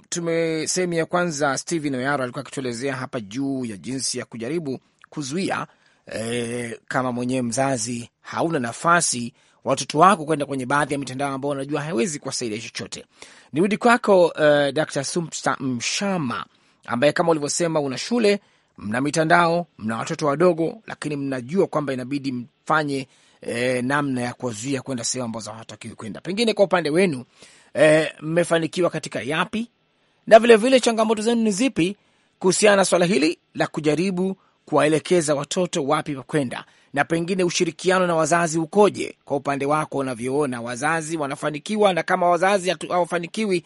S1: tume. Sehemu ya kwanza, Steven Oyaro alikuwa akituelezea hapa juu ya jinsi ya kujaribu kuzuia e, kama mwenyewe mzazi hauna nafasi watoto wako kwenda kwenye baadhi ya mitandao ambao unajua haiwezi kuwasaidia chochote. Nirudi kwako uh, Dr. Sumpsa Mshama ambaye kama ulivyosema una shule, mna mitandao, mna watoto wadogo, lakini mnajua kwamba inabidi mfanye eh, namna ya kuwazuia kwenda sehemu ambazo hawatakiwi kwenda. Pengine kwa upande wenu eh, mmefanikiwa katika yapi na vilevile changamoto zenu ni zipi kuhusiana na swala hili la kujaribu kuwaelekeza watoto wapi pa kwenda, na pengine ushirikiano na wazazi ukoje kwa upande wako, unavyoona wazazi wanafanikiwa na kama wazazi hawafanikiwi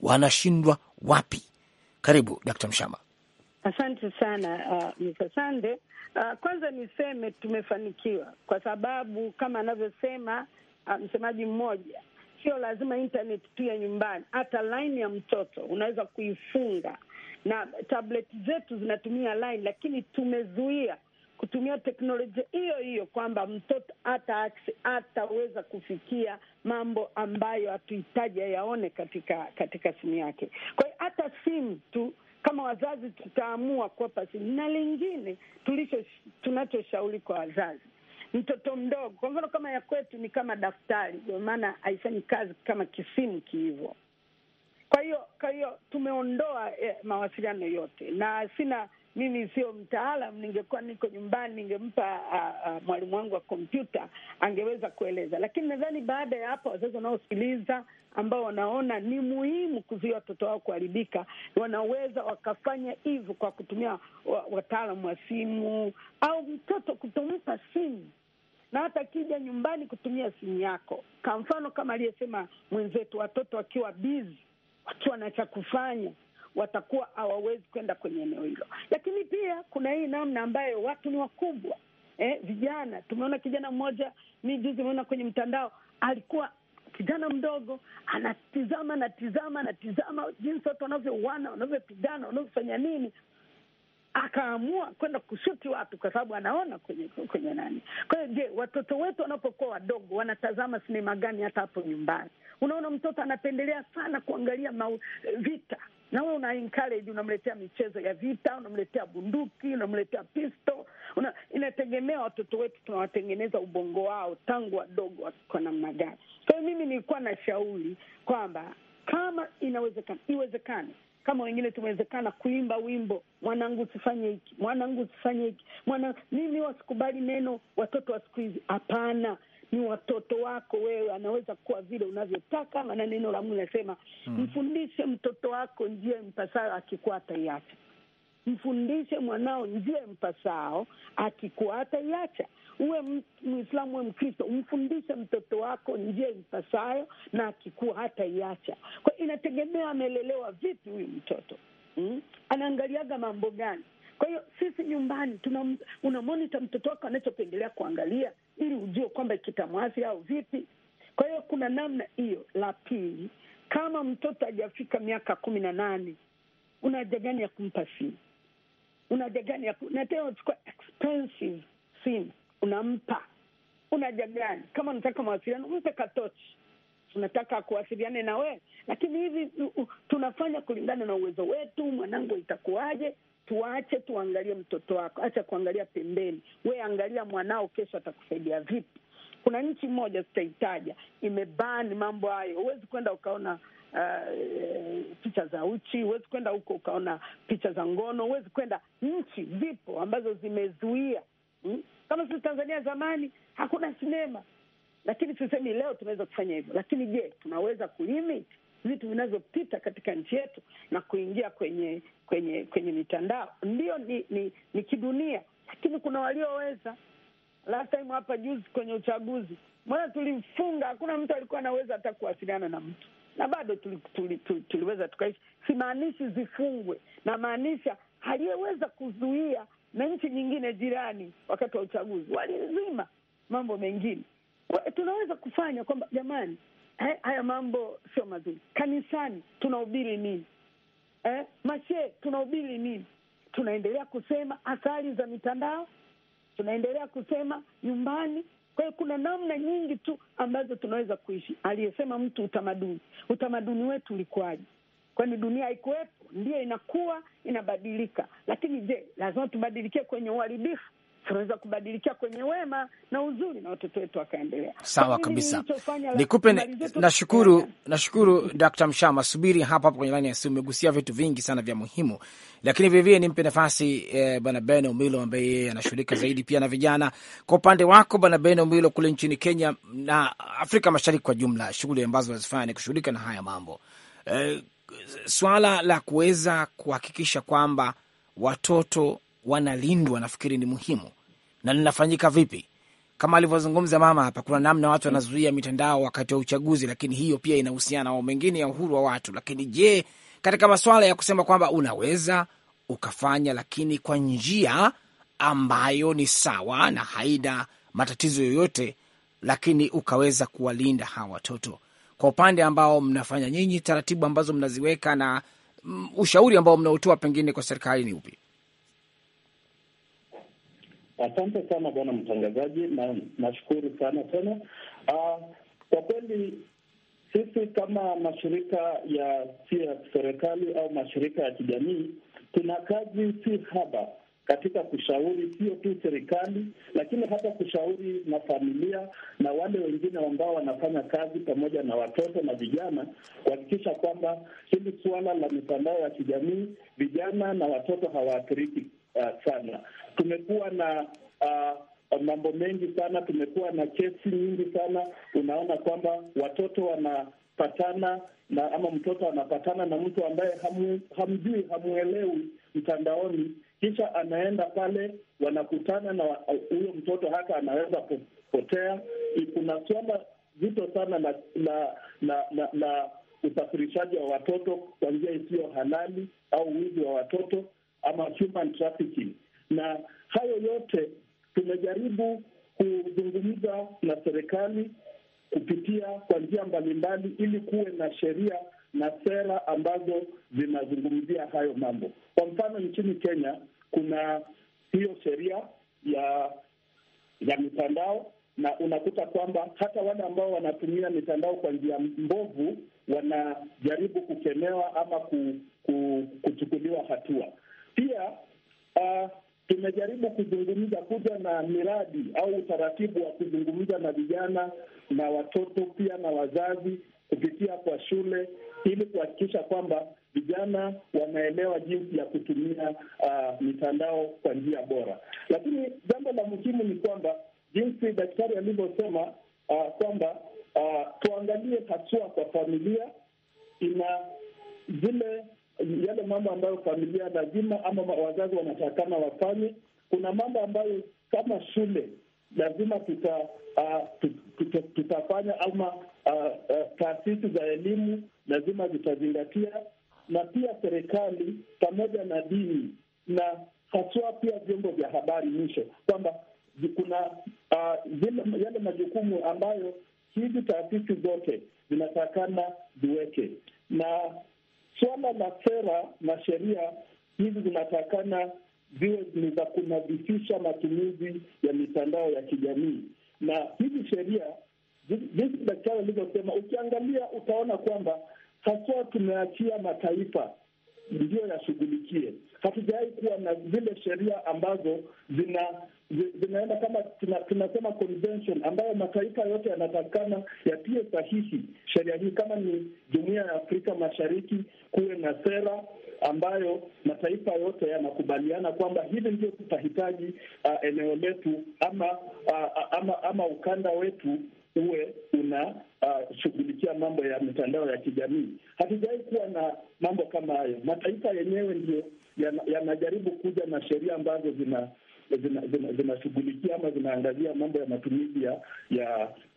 S1: wanashindwa wapi? Karibu Dkt. Mshama.
S3: Asante sana uh, msasande. Uh, kwanza niseme tumefanikiwa kwa sababu kama anavyosema uh, msemaji mmoja, sio lazima internet tu ya nyumbani, hata laini ya mtoto unaweza kuifunga na tablet zetu zinatumia line, lakini tumezuia kutumia teknolojia hiyo hiyo kwamba mtoto hata hataweza kufikia mambo ambayo hatuhitaji ayaone katika katika simu yake. Kwa hiyo hata simu tu kama wazazi tutaamua kuwapa simu. Na lingine tulicho tunachoshauri kwa wazazi, mtoto mdogo, kwa mfano kama ya kwetu ni kama daftari, ndio maana haifanyi kazi kama kisimu kihivo. Kwa hiyo kwa hiyo tumeondoa eh, mawasiliano yote, na sina mimi, sio mtaalam. Ningekuwa niko nyumbani, ningempa uh, uh, mwalimu wangu wa kompyuta, angeweza kueleza. Lakini nadhani baada ya hapo wazazi wanaosikiliza ambao wanaona ni muhimu kuzuia watoto wao kuharibika, wanaweza wakafanya hivyo kwa kutumia wataalamu wa simu au mtoto kutompa simu na hata akija nyumbani kutumia simu yako. Kwa mfano kama aliyesema mwenzetu, watoto wakiwa bizi watu wana cha kufanya, watakuwa hawawezi kwenda kwenye eneo hilo. Lakini pia kuna hii namna ambayo watu ni wakubwa eh, vijana. Tumeona kijana mmoja, mi juzi umeona kwenye mtandao, alikuwa kijana mdogo anatizama, anatizama, anatizama jinsi watu wanavyouana, wanavyopigana, wanavyofanya nini, akaamua kwenda kushuti watu kwa sababu anaona kwenye kwenye nani. Kwa hiyo, je, watoto wetu wanapokuwa wadogo wanatazama sinema gani? Hata hapo nyumbani unaona mtoto anapendelea sana kuangalia mau, vita na we una encourage, unamletea michezo ya vita, unamletea bunduki, unamletea pisto una, inategemea watoto wetu tunawatengeneza ubongo wao tangu wadogo kwa namna gani. Kwa hiyo mimi nilikuwa na shauri kwamba kama inawezekana iwezekane kama wengine tumewezekana kuimba wimbo mwanangu usifanye hiki, mwanangu usifanye hiki, mwana mimi, wasikubali neno watoto wa siku hizi. Hapana, ni watoto wako wewe, anaweza kuwa vile unavyotaka, maana neno la Mungu linasema mm, mfundishe mtoto wako njia impasayo, akikuata iacha. Mfundishe mwanao njia mpasao akikuata iacha uwe Mwislamu, uwe Mkristo, umfundishe mtoto wako njia ipasayo, na akikuwa hata iacha. Kwa inategemea amelelewa vipi huyu mtoto mm? anaangaliaga mambo gani? Kwa hiyo sisi nyumbani tuna unamonita mtoto wako anachopendelea kuangalia, ili ujue kwamba ikitamwasi au vipi. Kwa hiyo kuna namna hiyo. La pili, kama mtoto hajafika miaka kumi na nane una haja gani ya kumpa simu? Una haja gani ya na tena unachukua expensive simu? unampa una haja gani? Kama unataka mawasiliano mpe katochi, tunataka kuwasiliane na wewe, lakini hivi tunafanya kulingana na uwezo wetu. Mwanangu itakuwaje? Tuache tuangalie mtoto wako, acha kuangalia pembeni. We angalia mwanao, kesho atakusaidia vipi? Kuna nchi moja sitaitaja, imebani mambo hayo. Huwezi kwenda ukaona uh, picha za uchi, huwezi kwenda huko ukaona picha za ngono, huwezi kwenda. Nchi zipo ambazo zimezuia hmm? Kama sisi Tanzania zamani hakuna sinema, lakini sisemi leo tunaweza kufanya hivyo, lakini je, tunaweza kulimit vitu vinavyopita katika nchi yetu na kuingia kwenye kwenye kwenye mitandao? Ndio, ni, ni, ni kidunia, lakini kuna walioweza. Last time hapa juzi kwenye uchaguzi, mbona tulimfunga, hakuna mtu alikuwa anaweza hata kuwasiliana na mtu na bado tuli, tuli, tuli, tuliweza tukaishi. Simaanishi zifungwe, na maanisha aliyeweza kuzuia na nchi nyingine jirani wakati wa uchaguzi walizima mambo mengine. Tunaweza kufanya kwamba jamani, haya, haya mambo sio mazuri. Kanisani tunahubiri nini? Eh, mashehe tunahubiri nini? Tunaendelea kusema athari za mitandao, tunaendelea kusema nyumbani. Kwa hiyo kuna namna nyingi tu ambazo tunaweza kuishi. Aliyesema mtu utamaduni, utamaduni wetu ulikuwaje? kwani dunia haikuwepo, ndiyo inakuwa inabadilika. Lakini je, lazima tubadilikie kwenye uharibifu? tunaweza kubadilikia kwenye wema na uzuri na watoto wetu wakaendelea. Sawa kabisa, nikupe nashukuru,
S1: nashukuru Dkt. Mshama, subiri hapa hapo kwenye laini ya simu. Umegusia vitu vingi sana vya muhimu, lakini vilevile nimpe nafasi eh, Bwana Ben Milo ambaye yeye anashughulika zaidi pia na vijana. Kwa upande wako Bwana Ben Milo kule nchini Kenya na Afrika Mashariki kwa jumla, shughuli ambazo wanazifanya ni kushughulika na haya mambo eh, swala la kuweza kuhakikisha kwamba watoto wanalindwa nafikiri ni muhimu, na linafanyika vipi? Kama alivyozungumza mama hapa, kuna namna watu wanazuia mitandao wakati wa uchaguzi, lakini hiyo pia inahusiana na mengine ya uhuru wa watu. Lakini je, katika masuala ya kusema kwamba unaweza ukafanya, lakini kwa njia ambayo ni sawa na haina matatizo yoyote, lakini ukaweza kuwalinda hawa watoto kwa upande ambao mnafanya nyinyi, taratibu ambazo mnaziweka na mm, ushauri ambao mnaotoa pengine kwa serikali ni upi?
S4: Asante sana bwana mtangazaji, na nashukuru sana Uh, Kwa kweli sisi kama mashirika ya si ya serikali au mashirika ya kijamii tuna kazi si haba katika kushauri sio tu serikali, lakini hata kushauri na familia na wale wengine ambao wanafanya kazi pamoja na watoto na vijana, kuhakikisha kwamba hili suala la mitandao ya kijamii, vijana na watoto hawaathiriki uh, sana. Tumekuwa na uh, mambo mengi sana, tumekuwa na kesi nyingi sana. Unaona kwamba watoto wanapatana na ama mtoto anapatana na mtu ambaye hamu, hamjui hamuelewi mtandaoni kisha anaenda pale, wanakutana na huyo mtoto, hata anaweza kupotea. Kuna swala zito sana la la la, la, la usafirishaji wa watoto kwa njia isiyo halali au wizi wa watoto ama human trafficking. Na hayo yote tumejaribu kuzungumza na serikali kupitia kwa njia mbalimbali, ili kuwe na sheria na sera ambazo zinazungumzia hayo mambo. Kwa mfano, nchini Kenya kuna hiyo sheria ya ya mitandao, na unakuta kwamba hata wale ambao wanatumia mitandao kwa njia mbovu wanajaribu kukemewa ama ku, ku, kuchukuliwa hatua. Pia uh, tumejaribu kuzungumza kuja na miradi au utaratibu wa kuzungumza na vijana na watoto pia na wazazi kupitia kwa shule ili kuhakikisha kwamba vijana wanaelewa jinsi ya kutumia uh, mitandao kwa njia bora. Lakini jambo la muhimu ni kwamba jinsi daktari alivyosema, uh, kwamba uh, tuangalie hatua kwa familia ina zile yale mambo ambayo familia lazima ama wazazi wanatakana wafanye. Kuna mambo ambayo kama shule lazima tuta, uh, tutafanya ama uh, uh, taasisi za elimu lazima zitazingatia, na pia serikali pamoja na dini na haswa pia vyombo vya habari. Mwisho kwamba kuna uh, zile, yale majukumu ambayo hizi taasisi zote zinatakana ziweke, na suala la sera na sheria hizi zinatakana ziwe ni za kunadhifisha matumizi ya mitandao ya kijamii na hizi sheria jinsi daktari alivyosema, ukiangalia utaona kwamba haswa tumeachia mataifa ndiyo yashughulikie. Hatujawahi kuwa na zile sheria ambazo zina zinaenda kama tunasema convention ambayo mataifa yote yanatakikana yatie sahihi sheria hii. Kama ni jumuiya ya Afrika Mashariki, kuwe na sera ambayo mataifa yote yanakubaliana kwamba hili ndio tutahitaji uh, eneo letu ama, uh, uh ama ama ukanda wetu uwe unashughulikia uh, mambo ya mitandao ya kijamii. Hatujawahi kuwa na mambo kama hayo. Mataifa yenyewe ndio yanajaribu ya kuja na sheria ambazo zina zinashughulikia zina, zina ama zinaangazia mambo ya matumizi ya ya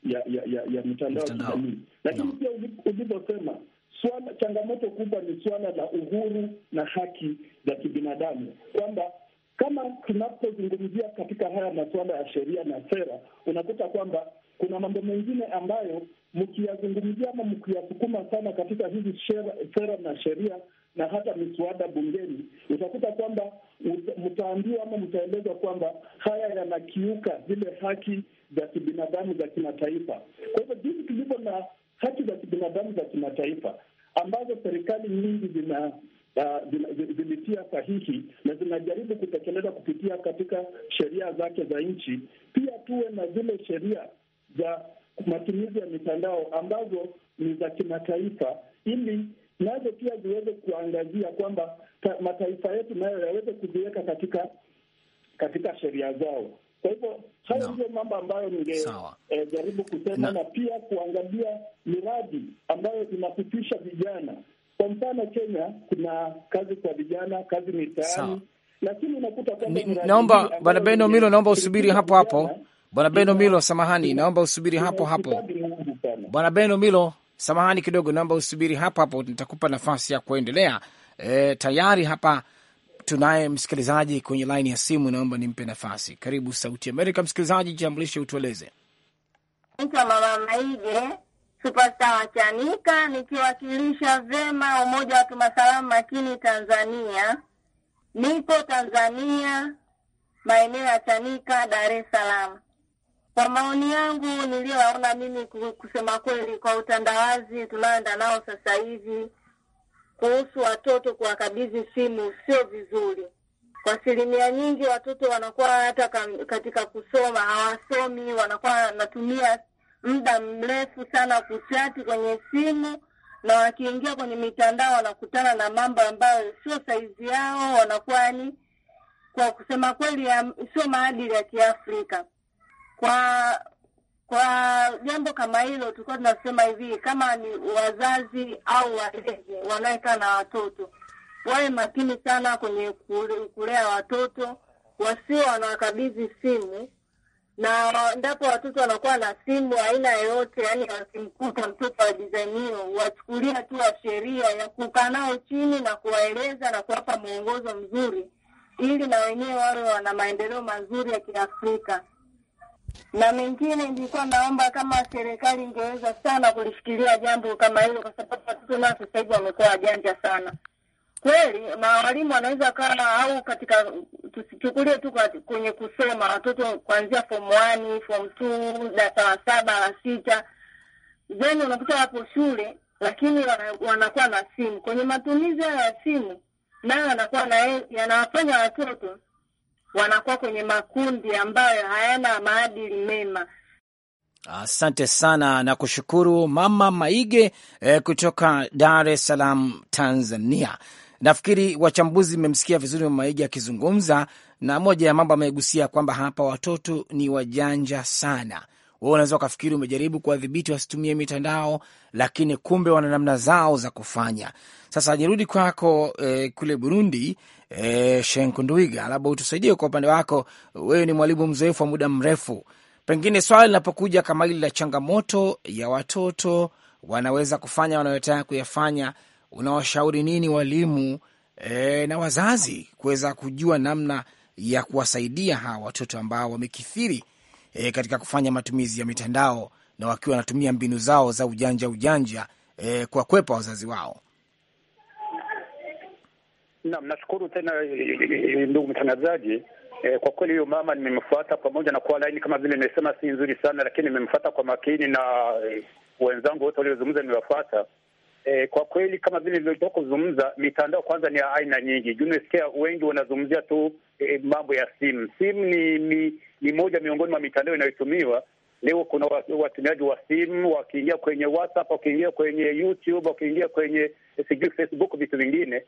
S4: ya, ya, ya, ya mitandao ya kijamii, lakini pia ulivyosema swala, changamoto kubwa ni suala la uhuru na haki za kibinadamu, kwamba kama tunapozungumzia katika haya masuala ya sheria na sera, unakuta kwamba kuna mambo mengine ambayo mkiyazungumzia ama mkiyasukuma sana katika hizi sera na sheria na hata miswada bungeni, utakuta kwamba mtaambiwa ama mtaelezwa kwamba haya yanakiuka zile haki za kibinadamu za kimataifa. Kwa hivyo jinsi tulivyo na haki za kibinadamu za kimataifa ambazo serikali nyingi zina uh, zilitia uh, sahihi na zinajaribu kutekeleza kupitia katika sheria zake za nchi. Pia tuwe na zile sheria za matumizi ya mitandao ambazo ni za kimataifa, ili nazo pia ziweze kuangazia kwamba mataifa yetu nayo yaweze kuziweka katika katika sheria zao. Kwa hivyo hayo ndio mambo ambayo ningejaribu eh, kusema na pia kuangalia miradi ambayo inapitisha vijana. Kwa mfano, Kenya kuna kazi kwa vijana, kazi
S1: mitaani,
S4: lakini unakuta kwamba naomba Bwana Beno
S1: Milo, naomba usubiri hapo hapo. Bwana Beno Milo, samahani, naomba usubiri hapo hapo. Bwana Beno Milo, samahani kidogo, naomba usubiri hapo hapo, nitakupa nafasi ya kuendelea. E, tayari hapa tunaye msikilizaji kwenye laini ya simu, naomba nimpe nafasi. Karibu Sauti Amerika msikilizaji, jitambulishe, utueleze.
S7: Naitwa Mama Maige Supasta Wachanika, Chanika, nikiwakilisha vyema Umoja wa Tumasalamu Makini Tanzania. Niko Tanzania, maeneo ya Chanika, Dar es Salaam. Kwa maoni yangu niliyoona mimi, kusema kweli, kwa utandawazi tunaoenda nao sasa hivi kuhusu watoto kuwakabidhi simu sio vizuri. Kwa asilimia nyingi watoto wanakuwa hata katika kusoma hawasomi, wanakuwa wanatumia muda mrefu sana kuchati kwenye simu, na wakiingia kwenye mitandao wanakutana na mambo ambayo sio saizi yao, wanakuwa yani, kwa kusema kweli, sio maadili ya Kiafrika kwa kwa jambo kama hilo, tulikuwa tunasema hivi, kama ni wazazi au walezi wanaekaa na watoto wawe makini sana kwenye kulea watoto, wasio wanawakabidhi simu, na endapo watoto wanakuwa na simu aina yoyote, yaani wakimkuta mtoto wa dizaini hiyo, wachukulia hatua sheria ya kukaa nao chini na kuwaeleza na kuwapa mwongozo mzuri, ili na wenyewe wawe wana maendeleo mazuri ya Kiafrika na mengine nilikuwa naomba kama serikali ingeweza sana kulifikiria jambo kama hilo, kwa sababu watoto nao sasa hivi wamekuwa wajanja sana. Kweli mawalimu wanaweza kaa au katika, tusichukulie tu kwenye kusoma watoto kuanzia form one, form two, darasa la saba la sita, then unakuta wapo shule, lakini wanakuwa na simu. Kwenye matumizi hayo ya simu nayo yanakuwa na yanawafanya watoto wanakuwa kwenye makundi ambayo hayana maadili mema.
S1: Asante sana na kushukuru Mama Maige eh, kutoka Dar es Salaam, Tanzania. Nafikiri wachambuzi mmemsikia vizuri Mama Maige akizungumza, na moja ya mambo amegusia kwamba hapa watoto ni wajanja sana. Wewe unaweza ukafikiri umejaribu kuwadhibiti wasitumie mitandao, lakini kumbe wana namna zao za kufanya. Sasa nirudi kwako eh, kule Burundi e, eh, Shenkunduiga, labda utusaidie kwa upande wako, wewe ni mwalimu mzoefu wa muda mrefu, pengine swala linapokuja kama hili la changamoto ya watoto wanaweza kufanya wanayotaka kuyafanya, unawashauri nini walimu e, na wazazi kuweza kujua namna ya kuwasaidia hawa watoto ambao wamekithiri e, katika kufanya matumizi ya mitandao na wakiwa wanatumia mbinu zao za ujanja ujanja e, kuwakwepa wazazi wao?
S6: Naam, nashukuru tena eh, eh, eh, ndugu mtangazaji. E, kwa kweli huyo mama nimemfuata, pamoja na kuwa laini kama vile nimesema si nzuri sana, lakini nimemfuata kwa makini na wenzangu wote waliozungumza nimewafuata. E, kwa kweli kama vile nilivyotoka kuzungumza, mitandao kwanza ni ya aina nyingi. nimesikia wengi wanazungumzia tu e, mambo ya simu. Simu ni, ni, ni moja miongoni mwa mitandao inayotumiwa leo. Kuna watumiaji wa simu wakiingia kwenye WhatsApp, wakiingia kwenye YouTube, wakiingia kwenye sijui Facebook, vitu vingine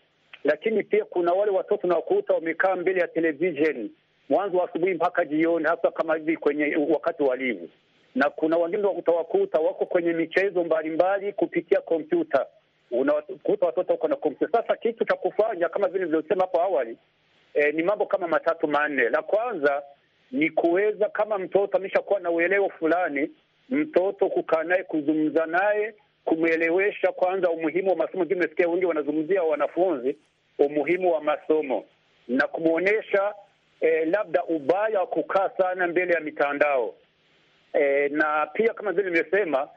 S6: lakini pia kuna wale watoto nawakuta wamekaa mbele ya televisheni mwanzo wa asubuhi mpaka jioni, hasa kama hivi kwenye wakati wa livu, na kuna wengine utawakuta wako kwenye michezo mbalimbali kupitia kompyuta, unakuta watoto wako na kompyuta. Sasa kitu cha kufanya kama vile nilivyosema hapo awali eh, ni mambo kama matatu manne. La kwanza ni kuweza kama mtoto ameshakuwa na uelewa fulani, mtoto kukaa naye, kuzungumza naye kumwelewesha kwanza umuhimu wa masomo. Nimesikia wengi wanazungumzia wanafunzi umuhimu wa masomo na kumwonyesha eh, labda ubaya wa kukaa sana mbele ya mitandao eh, na pia kama vile nimesema,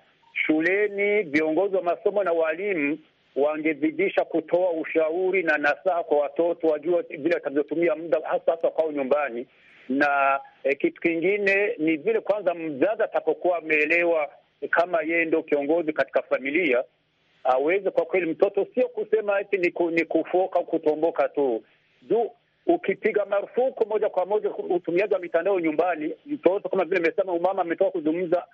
S6: shuleni viongozi wa masomo na walimu wangezidisha kutoa ushauri na nasaha kwa watoto, wajua vile watavyotumia muda hasa hasa kwao nyumbani. Na eh, kitu kingine ni vile kwanza mzazi atapokuwa ameelewa kama yeye ndio kiongozi katika familia aweze kwa kweli, mtoto sio kusema eti ni, ku, ni kufoka kutomboka tu juu ukipiga marufuku moja kwa moja utumiaji wa mitandao nyumbani, mtoto kama vile imesema umama ametoka kuzungumza,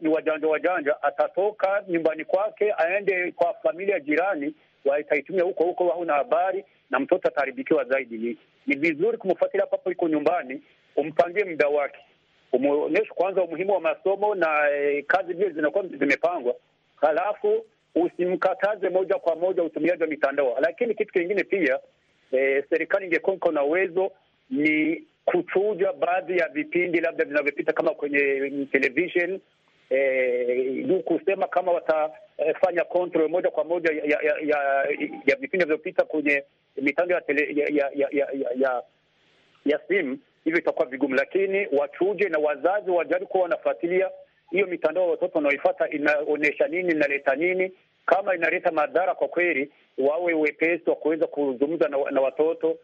S6: ni wajanja wajanja, atatoka nyumbani kwake aende kwa familia jirani, wataitumia huko huko, na habari na mtoto ataharibikiwa zaidi. Ni, ni vizuri kumfuatilia papo iko nyumbani, umpangie muda wake, umeonyesha kwanza umuhimu wa masomo na e, kazi vile zinakuwa zimepangwa, halafu usimkataze moja kwa moja utumiaji wa mitandao. Lakini kitu kingine pia e, serikali ingekuwa iko na uwezo ni kuchuja baadhi ya vipindi labda vinavyopita kama kwenye mm, television juu eh, e, kusema kama watafanya control moja kwa moja ya, ya, ya, ya vipindi vinavyopita kwenye mitandao ya, ya, ya, ya, ya, ya, ya simu hivyo itakuwa vigumu, lakini wachuje na wazazi wajaribu kuwa wanafuatilia hiyo mitandao, watoto wanaoifata inaonyesha nini, inaleta nini. Kama inaleta madhara, kwa kweli wawe wepesi wa kuweza kuzungumza na, na watoto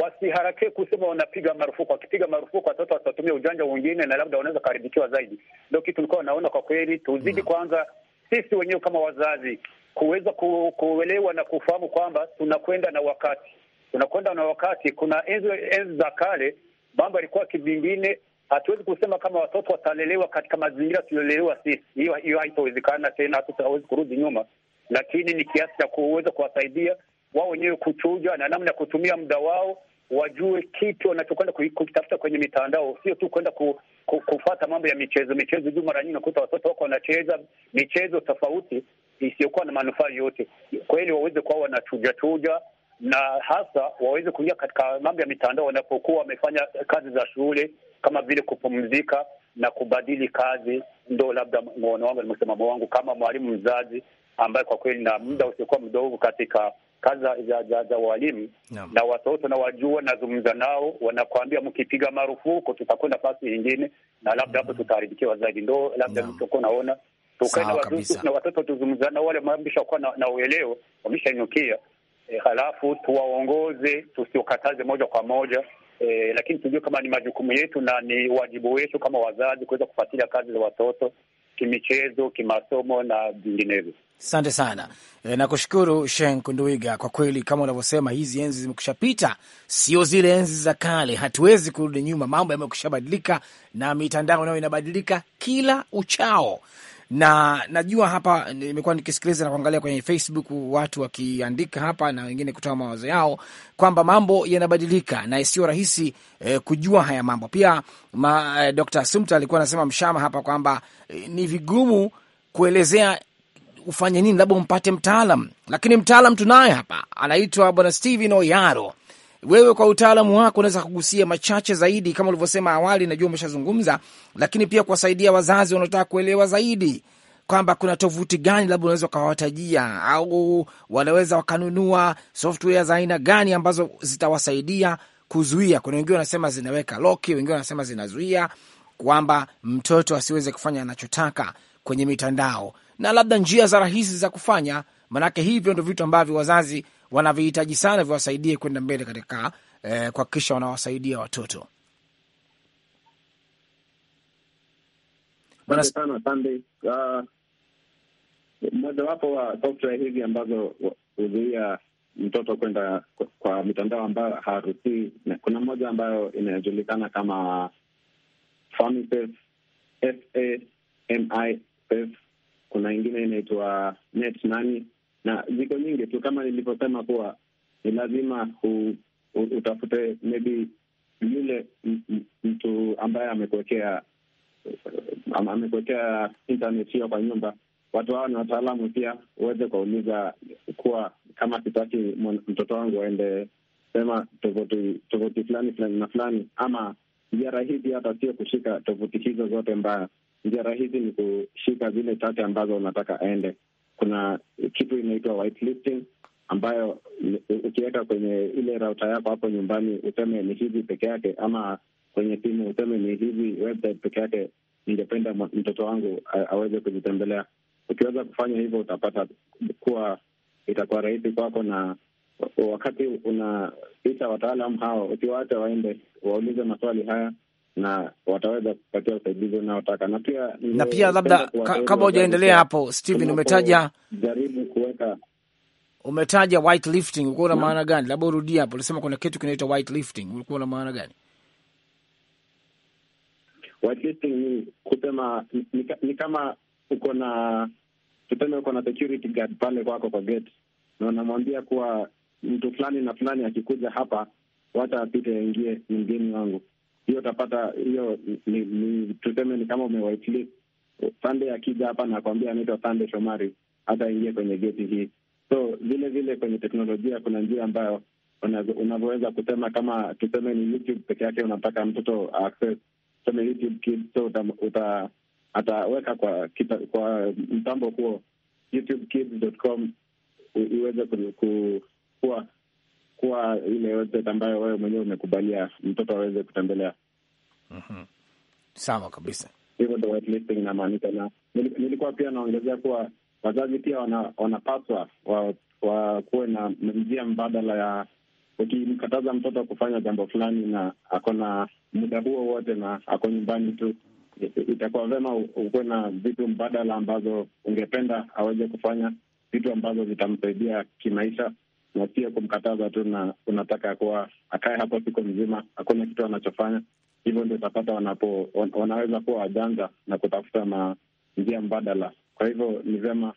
S6: wasiharakee kusema wanapiga marufuku. Wakipiga marufuku, watoto watatumia ujanja wengine na labda wanaweza karibikiwa zaidi. Ndio kitu nilikuwa naona kwa kweli, tuzidi mm-hmm. kwanza sisi wenyewe kama wazazi kuweza kuelewa na kufahamu kwamba tunakwenda na wakati, tunakwenda na wakati. Kuna enzi enzi za kale mambo yalikuwa kivingine. Hatuwezi kusema kama watoto watalelewa katika mazingira tuliolelewa sisi, hiyo hiyo haitawezekana tena, hatutawezi kurudi nyuma, lakini ni kiasi cha kuweza kuwasaidia wao wenyewe kuchuja na namna ya kutumia muda wao, wajue kitu wanachokwenda kukitafuta kwenye mitandao, sio tu kwenda ku, ku, kufata mambo ya michezo michezo juu. Mara nyingi nakuta watoto wako wanacheza michezo tofauti isiyokuwa na manufaa yote. Kweli waweze kuwa wanachujachuja na hasa waweze kuingia katika mambo ya mitandao wanapokuwa wamefanya kazi za shule, kama vile kupumzika na kubadili kazi. Ndo labda mwono wangu na msimamo wangu kama mwalimu mzazi ambaye kwa kweli na muda usiokuwa mdogo katika kazi za, za, za walimu yeah. Na watoto nawajua, nazungumza nao, wanakwambia mkipiga marufuku tutakwenda nafasi nyingine, na labda hapo mm -hmm. tutaharibikiwa zaidi, ndo labda yeah. naona tukae na watoto tuzungumza nao, wale wameshakuwa na uelewa, wameshainukia e, halafu tuwaongoze, tusiokataze moja kwa moja e, lakini tujue kama ni majukumu yetu na ni wajibu wetu kama wazazi kuweza kufuatilia kazi za watoto kimichezo, kimasomo
S1: na vinginevyo. Asante sana e, nakushukuru Shen Kunduiga. Kwa kweli kama unavyosema, hizi enzi zimekushapita, sio zile enzi za kale. Hatuwezi kurudi nyuma, mambo yamekushabadilika na mitandao nayo inabadilika kila uchao na najua hapa nimekuwa nikisikiliza na kuangalia kwenye Facebook watu wakiandika hapa na wengine kutoa mawazo yao kwamba mambo yanabadilika na sio rahisi eh, kujua haya mambo pia. Ma, eh, Dr. Sumta alikuwa anasema mshama hapa kwamba eh, ni vigumu kuelezea ufanye nini, labda umpate mtaalam, lakini mtaalam tunaye hapa, anaitwa Bwana Steven Oyaro wewe kwa utaalamu wako unaweza kugusia machache zaidi, kama ulivyosema awali, najua umeshazungumza, lakini pia kuwasaidia wazazi wanaotaka kuelewa zaidi kwamba kuna tovuti gani labda unaweza ukawatajia, au wanaweza wakanunua software za aina gani ambazo zitawasaidia kuzuia. Kuna wengine wanasema zinaweka loki, wengine wanasema zinazuia kwamba mtoto asiweze kufanya anachotaka kwenye mitandao, na labda njia za rahisi za kufanya, maanake hivyo ndo vitu ambavyo wazazi wanavihitaji sana viwasaidie kwenda mbele katika eh, kuhakikisha wanawasaidia watoto.
S5: Ah, mojawapo wa software hivi ambazo huzuia mtoto kwenda kwa, mitandao ambayo haruhusii. Kuna moja ambayo inayojulikana kama FamiSafe, F A M I Safe. Kuna ingine inaitwa Net na ziko nyingi tu, kama nilivyosema kuwa ni lazima utafute maybe yule mtu ambaye amekuwekea uh, amekuwekea internet hiyo kwa nyumba. Watu hao ni wataalamu pia, uweze kuwauliza kuwa kama sitaki mtoto wangu aende sema tovuti tovuti fulani fulani na fulani, ama njia rahisi hata sio kushika tovuti hizo zote mbaya. Njia rahisi ni kushika zile chache ambazo unataka aende kuna kitu inaitwa whitelisting ambayo ukiweka kwenye ile rauta yako hapo nyumbani useme ni hivi peke yake, ama kwenye simu useme ni hivi website peke yake ningependa mtoto wangu aweze kujitembelea. Ukiweza kufanya hivyo, utapata kuwa itakuwa rahisi kwako, na wakati unaita wataalam hao, ukiwaacha waende waulize maswali haya na wataweza kupatia usaidizi unaotaka na pia na pia labda, kabla hujaendelea hapo, Steven, umetaja jaribu kuweka
S1: umetaja white lifting, ulikuwa na maana gani? Labda urudia hapo, ulisema kuna kitu kinaitwa white lifting, ulikuwa na maana gani?
S5: White ni kusema ni, ni kama uko na tuseme, uko na security guard pale kwako kwa gate, na unamwambia kuwa mtu fulani na fulani akikuja hapa, wacha apite aingie ni mgeni wangu hiyo utapata hiyo ni, ni tuseme ni kama umewaitlist ya akija hapa na anaitwa sande Shomari, hata ingie kwenye geti hii. So vile vile kwenye teknolojia kuna njia ambayo unavyoweza kusema kama tuseme ni YouTube peke yake, unataka mtoto access tuseme YouTube Kids, so uta, uta ataweka kwa kita, kwa mtambo huo youtube kids.com iweze kuwa kuwa ile website ambayo wewe mwenyewe umekubalia mtoto aweze kutembelea. mm -hmm. Sawa kabisa, hivyo ndo whitelisting inamaanisha, na nilikuwa pia naongezea kuwa wazazi pia wanapaswa wana wakuwe wa na njia mbadala ya ukimkataza mtoto kufanya jambo fulani na ako na muda huo wote na ako nyumbani tu, itakuwa vema ukuwe na vitu mbadala ambazo ungependa aweze kufanya, vitu ambazo vitamsaidia kimaisha na sio kumkataza tu, na unataka kuwa akae hapo siku mzima, hakuna kitu anachofanya. Hivyo ndio utapata wanapo, wanaweza kuwa wajanja na kutafuta na njia mbadala. Kwa hivyo ni vyema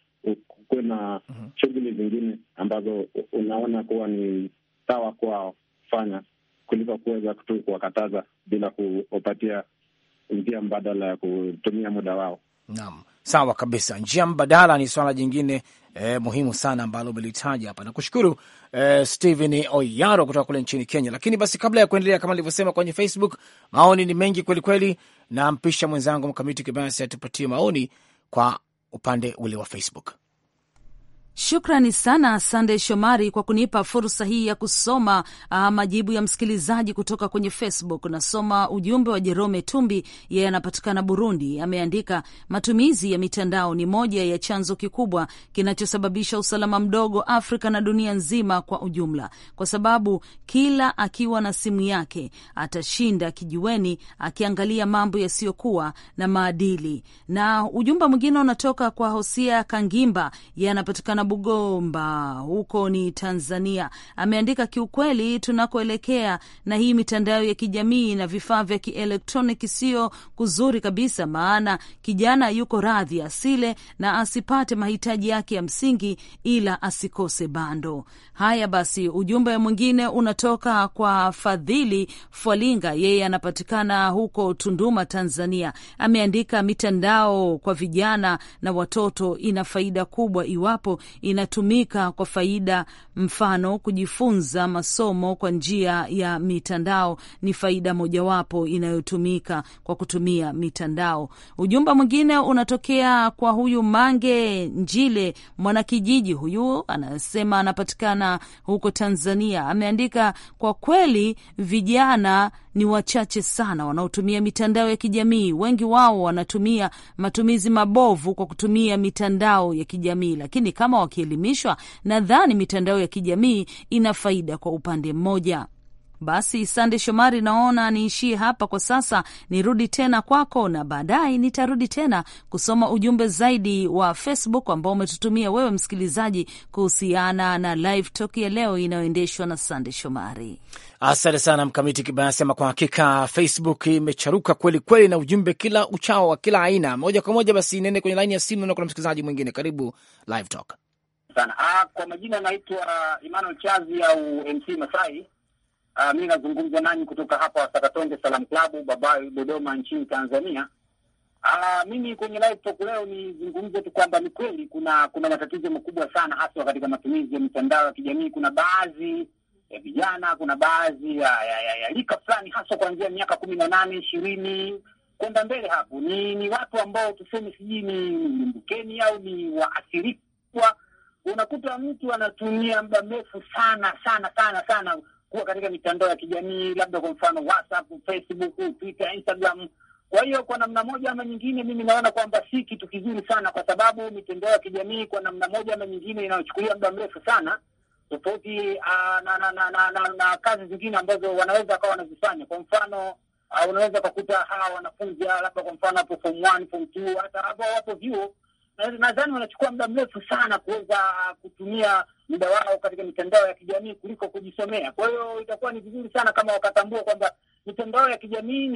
S5: kuwe na mhm. shughuli zingine ambazo unaona kuwa ni sawa kuwa fanya kuliko kuweza tu kuwakataza bila kuwapatia njia mbadala ya kutumia muda wao.
S1: Naam, sawa kabisa. Njia mbadala ni swala jingine eh, muhimu sana ambalo umelitaja hapa. Nakushukuru eh, stehen Oyaro kutoka kule nchini Kenya. Lakini basi kabla ya kuendelea, kama nilivyosema kwenye Facebook, maoni ni mengi kwelikweli. Nampisha mwenzangu Mkamiti Kibayasi atupatie maoni kwa upande ule wa
S2: Facebook. Shukrani sana Sande Shomari kwa kunipa fursa hii ya kusoma uh, majibu ya msikilizaji kutoka kwenye Facebook. Nasoma ujumbe wa Jerome Tumbi, yeye anapatikana Burundi. Ameandika, matumizi ya mitandao ni moja ya chanzo kikubwa kinachosababisha usalama mdogo Afrika na dunia nzima kwa ujumla, kwa sababu kila akiwa na simu yake atashinda kijiweni akiangalia mambo yasiyokuwa na maadili. Na ujumbe mwingine unatoka kwa Hosia Kangimba, yeye anapatikana Bugomba huko ni Tanzania, ameandika kiukweli, tunakoelekea na hii mitandao ya kijamii na vifaa vya kielektroniki sio kuzuri kabisa, maana kijana yuko radhi asile na asipate mahitaji yake ya msingi, ila asikose bando. Haya basi, ujumbe mwingine unatoka kwa Fadhili Fwalinga, yeye anapatikana huko Tunduma, Tanzania. Ameandika mitandao kwa vijana na watoto ina faida kubwa iwapo inatumika kwa faida. Mfano, kujifunza masomo kwa njia ya mitandao ni faida mojawapo inayotumika kwa kutumia mitandao. Ujumbe mwingine unatokea kwa huyu Mange Njile, mwanakijiji huyu, anasema anapatikana huko Tanzania. Ameandika, kwa kweli vijana ni wachache sana wanaotumia mitandao ya kijamii. Wengi wao wanatumia matumizi mabovu kwa kutumia mitandao ya kijamii, lakini kama wakielimishwa, nadhani mitandao ya kijamii ina faida kwa upande mmoja. Basi Sande Shomari, naona niishie hapa kwa sasa. Nirudi tena kwako na baadaye nitarudi tena kusoma ujumbe zaidi wa Facebook ambao umetutumia wewe msikilizaji kuhusiana na live talk ya leo inayoendeshwa na Sande Shomari.
S1: Asante sana Mkamiti Kibayasi. Ama kwa hakika Facebook imecharuka kweli kweli na ujumbe kila uchao wa kila aina. Moja kwa moja basi nene kwenye laini ya simu, na kuna msikilizaji mwingine. Karibu Live Talk
S8: sana. Ah, kwa majina anaitwa uh, Emmanuel Chazi au MC Masai. Ah, mi nazungumza nanyi kutoka hapa Sakatonge Salam Club Babai, Dodoma nchini Tanzania. Ah, mimi kwenye Live Talk leo nizungumze tu kwamba ni kweli kuna kuna matatizo makubwa sana, haswa katika matumizi ya mitandao ya kijamii. Kuna baadhi ya vijana, kuna baadhi ya, ya, ya, ya lika fulani hasa kuanzia miaka kumi na nane ishirini kwenda mbele hapo, ni ni watu ambao tuseme sijui ni limbukeni au ni waathirikwa. Unakuta mtu anatumia muda mrefu sana sana sana sana kuwa katika mitandao ya kijamii, labda kwa mfano WhatsApp, Facebook, Twitter, Instagram. Kwa hiyo kwa namna moja ama nyingine, mimi naona kwamba si kitu kizuri sana, kwa sababu mitandao ya kijamii kwa namna moja ama nyingine inayochukulia muda mrefu sana tofauti ah, na, na, na, na, na, na kazi zingine ambazo wanaweza wakawa wanazifanya. Kwa mfano uh, unaweza ukakuta hawa wanafunzi ah, labda kwa mfano hapo form one, form two, hata hapo wapo vyuo nadhani wanachukua muda mrefu sana kuweza kutumia muda wao katika mitandao ya kijamii kuliko kujisomea. Kwa hiyo itakuwa ni vizuri sana kama wakatambua kwamba mitandao ya kijamii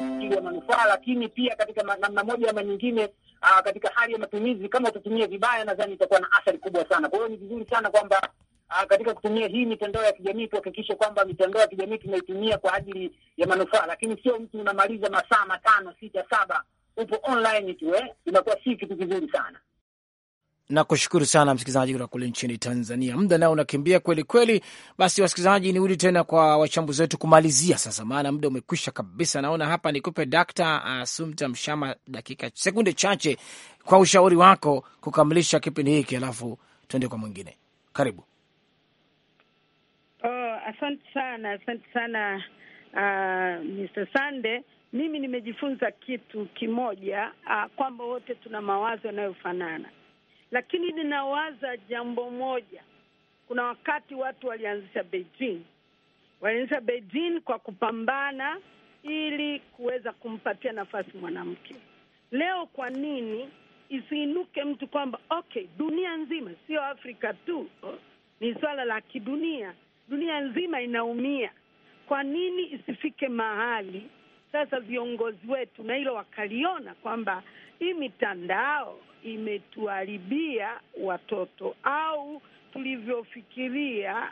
S8: ni manufaa, lakini pia katika namna moja ama nyingine aa, ah, katika hali ya matumizi, kama utatumia vibaya, nadhani itakuwa na athari kubwa sana. Kwa hiyo ni vizuri sana kwamba ah, katika kutumia hii mitandao ya kijamii tuhakikishe kwamba mitandao ya kijamii tunaitumia kwa ajili ya manufaa, lakini sio mtu unamaliza masaa matano, sita, saba upo online tu, eh, inakuwa si kitu kizuri sana.
S1: Nakushukuru sana msikilizaji kutoka kule nchini Tanzania. Muda nao unakimbia kweli kweli. Basi wasikilizaji, nirudi tena kwa wachambuzi wetu kumalizia sasa, maana muda umekwisha kabisa. Naona hapa nikupe Dakta Asumta Mshama dakika sekunde chache kwa ushauri wako kukamilisha kipindi hiki, alafu tuende kwa mwingine. Karibu.
S3: Oh, asante sana, asante sana uh, Mr. Sande. Mimi nimejifunza kitu kimoja uh, kwamba wote tuna mawazo yanayofanana lakini ninawaza jambo moja. Kuna wakati watu walianzisha Beijing, walianzisha Beijing kwa kupambana ili kuweza kumpatia nafasi mwanamke. Leo kwa nini isiinuke mtu kwamba okay, dunia nzima, sio Afrika tu, oh, ni swala la kidunia, dunia nzima inaumia. Kwa nini isifike mahali sasa viongozi wetu na hilo wakaliona kwamba hii mitandao imetuharibia watoto au tulivyofikiria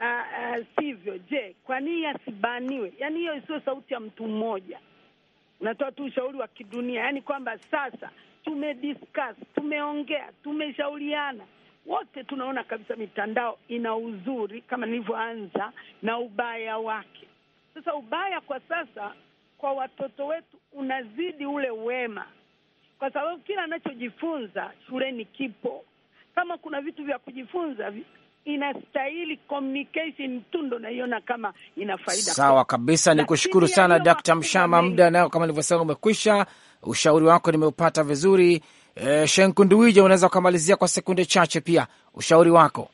S3: ah, ah, sivyo. Je, kwa nini asibaniwe? Yaani hiyo sio sauti ya mtu mmoja, natoa tu ushauri wa kidunia, yaani kwamba sasa tumediscuss, tumeongea, tumeshauriana wote tunaona kabisa mitandao ina uzuri kama nilivyoanza na ubaya wake. Sasa ubaya kwa sasa kwa watoto wetu unazidi ule wema kwa sababu kila anachojifunza shuleni kipo. Kama kuna vitu vya kujifunza inastahili communication tu ndo naiona kama ina faida. Sawa
S1: kabisa, ni kushukuru sana Dkt. Mshama, muda nao kama nilivyosema umekwisha. Ushauri wako nimeupata vizuri. E, Shenkunduwije, unaweza ukamalizia kwa sekunde chache pia ushauri wako.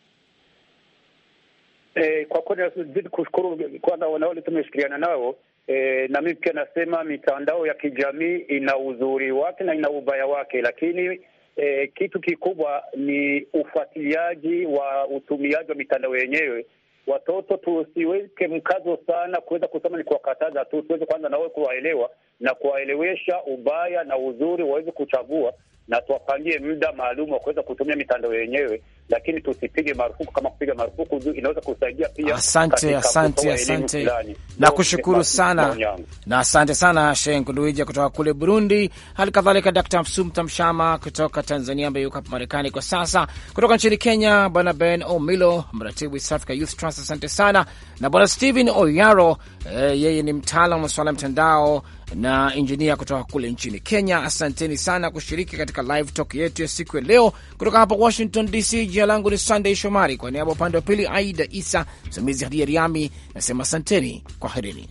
S6: E, kwa kweli nazidi kushukuru kwanza wanaole tumeshikiliana nao e, na mimi pia nasema mitandao ya kijamii ina uzuri wake na ina ubaya wake, lakini e, kitu kikubwa ni ufuatiliaji wa utumiaji wa mitandao yenyewe. Watoto tusiweke mkazo sana kuweza kusema ni kuwakataza tu, tuweze kwanza nawe kuwaelewa na kuwaelewesha ubaya na uzuri, waweze kuchagua na tuwapangie muda maalum wa kuweza kutumia mitandao yenyewe lakini tusipige marufuku. Kama kupiga marufuku juu inaweza
S1: kusaidia pia. Asante, asante, asante, na kushukuru sana na asante sana Sheikh Nduwija kutoka kule Burundi, hali kadhalika Dr. Msum Tamshama kutoka Tanzania ambaye yuko hapa Marekani kwa sasa, kutoka nchini Kenya Bwana Ben Omilo, mratibu East Africa Youth Trust, asante sana na Bwana Steven Oyaro, eh, yeye ni mtaalamu wa swala mtandao na injinia kutoka kule nchini Kenya. Asanteni sana kushiriki katika live talk yetu ya siku ya leo kutoka hapa Washington DC. Jina langu ni sandey Shomari, kwa niaba upande wa pili Aida Isa, msimamizi Hadia Riami, nasema asanteni, kwaherini.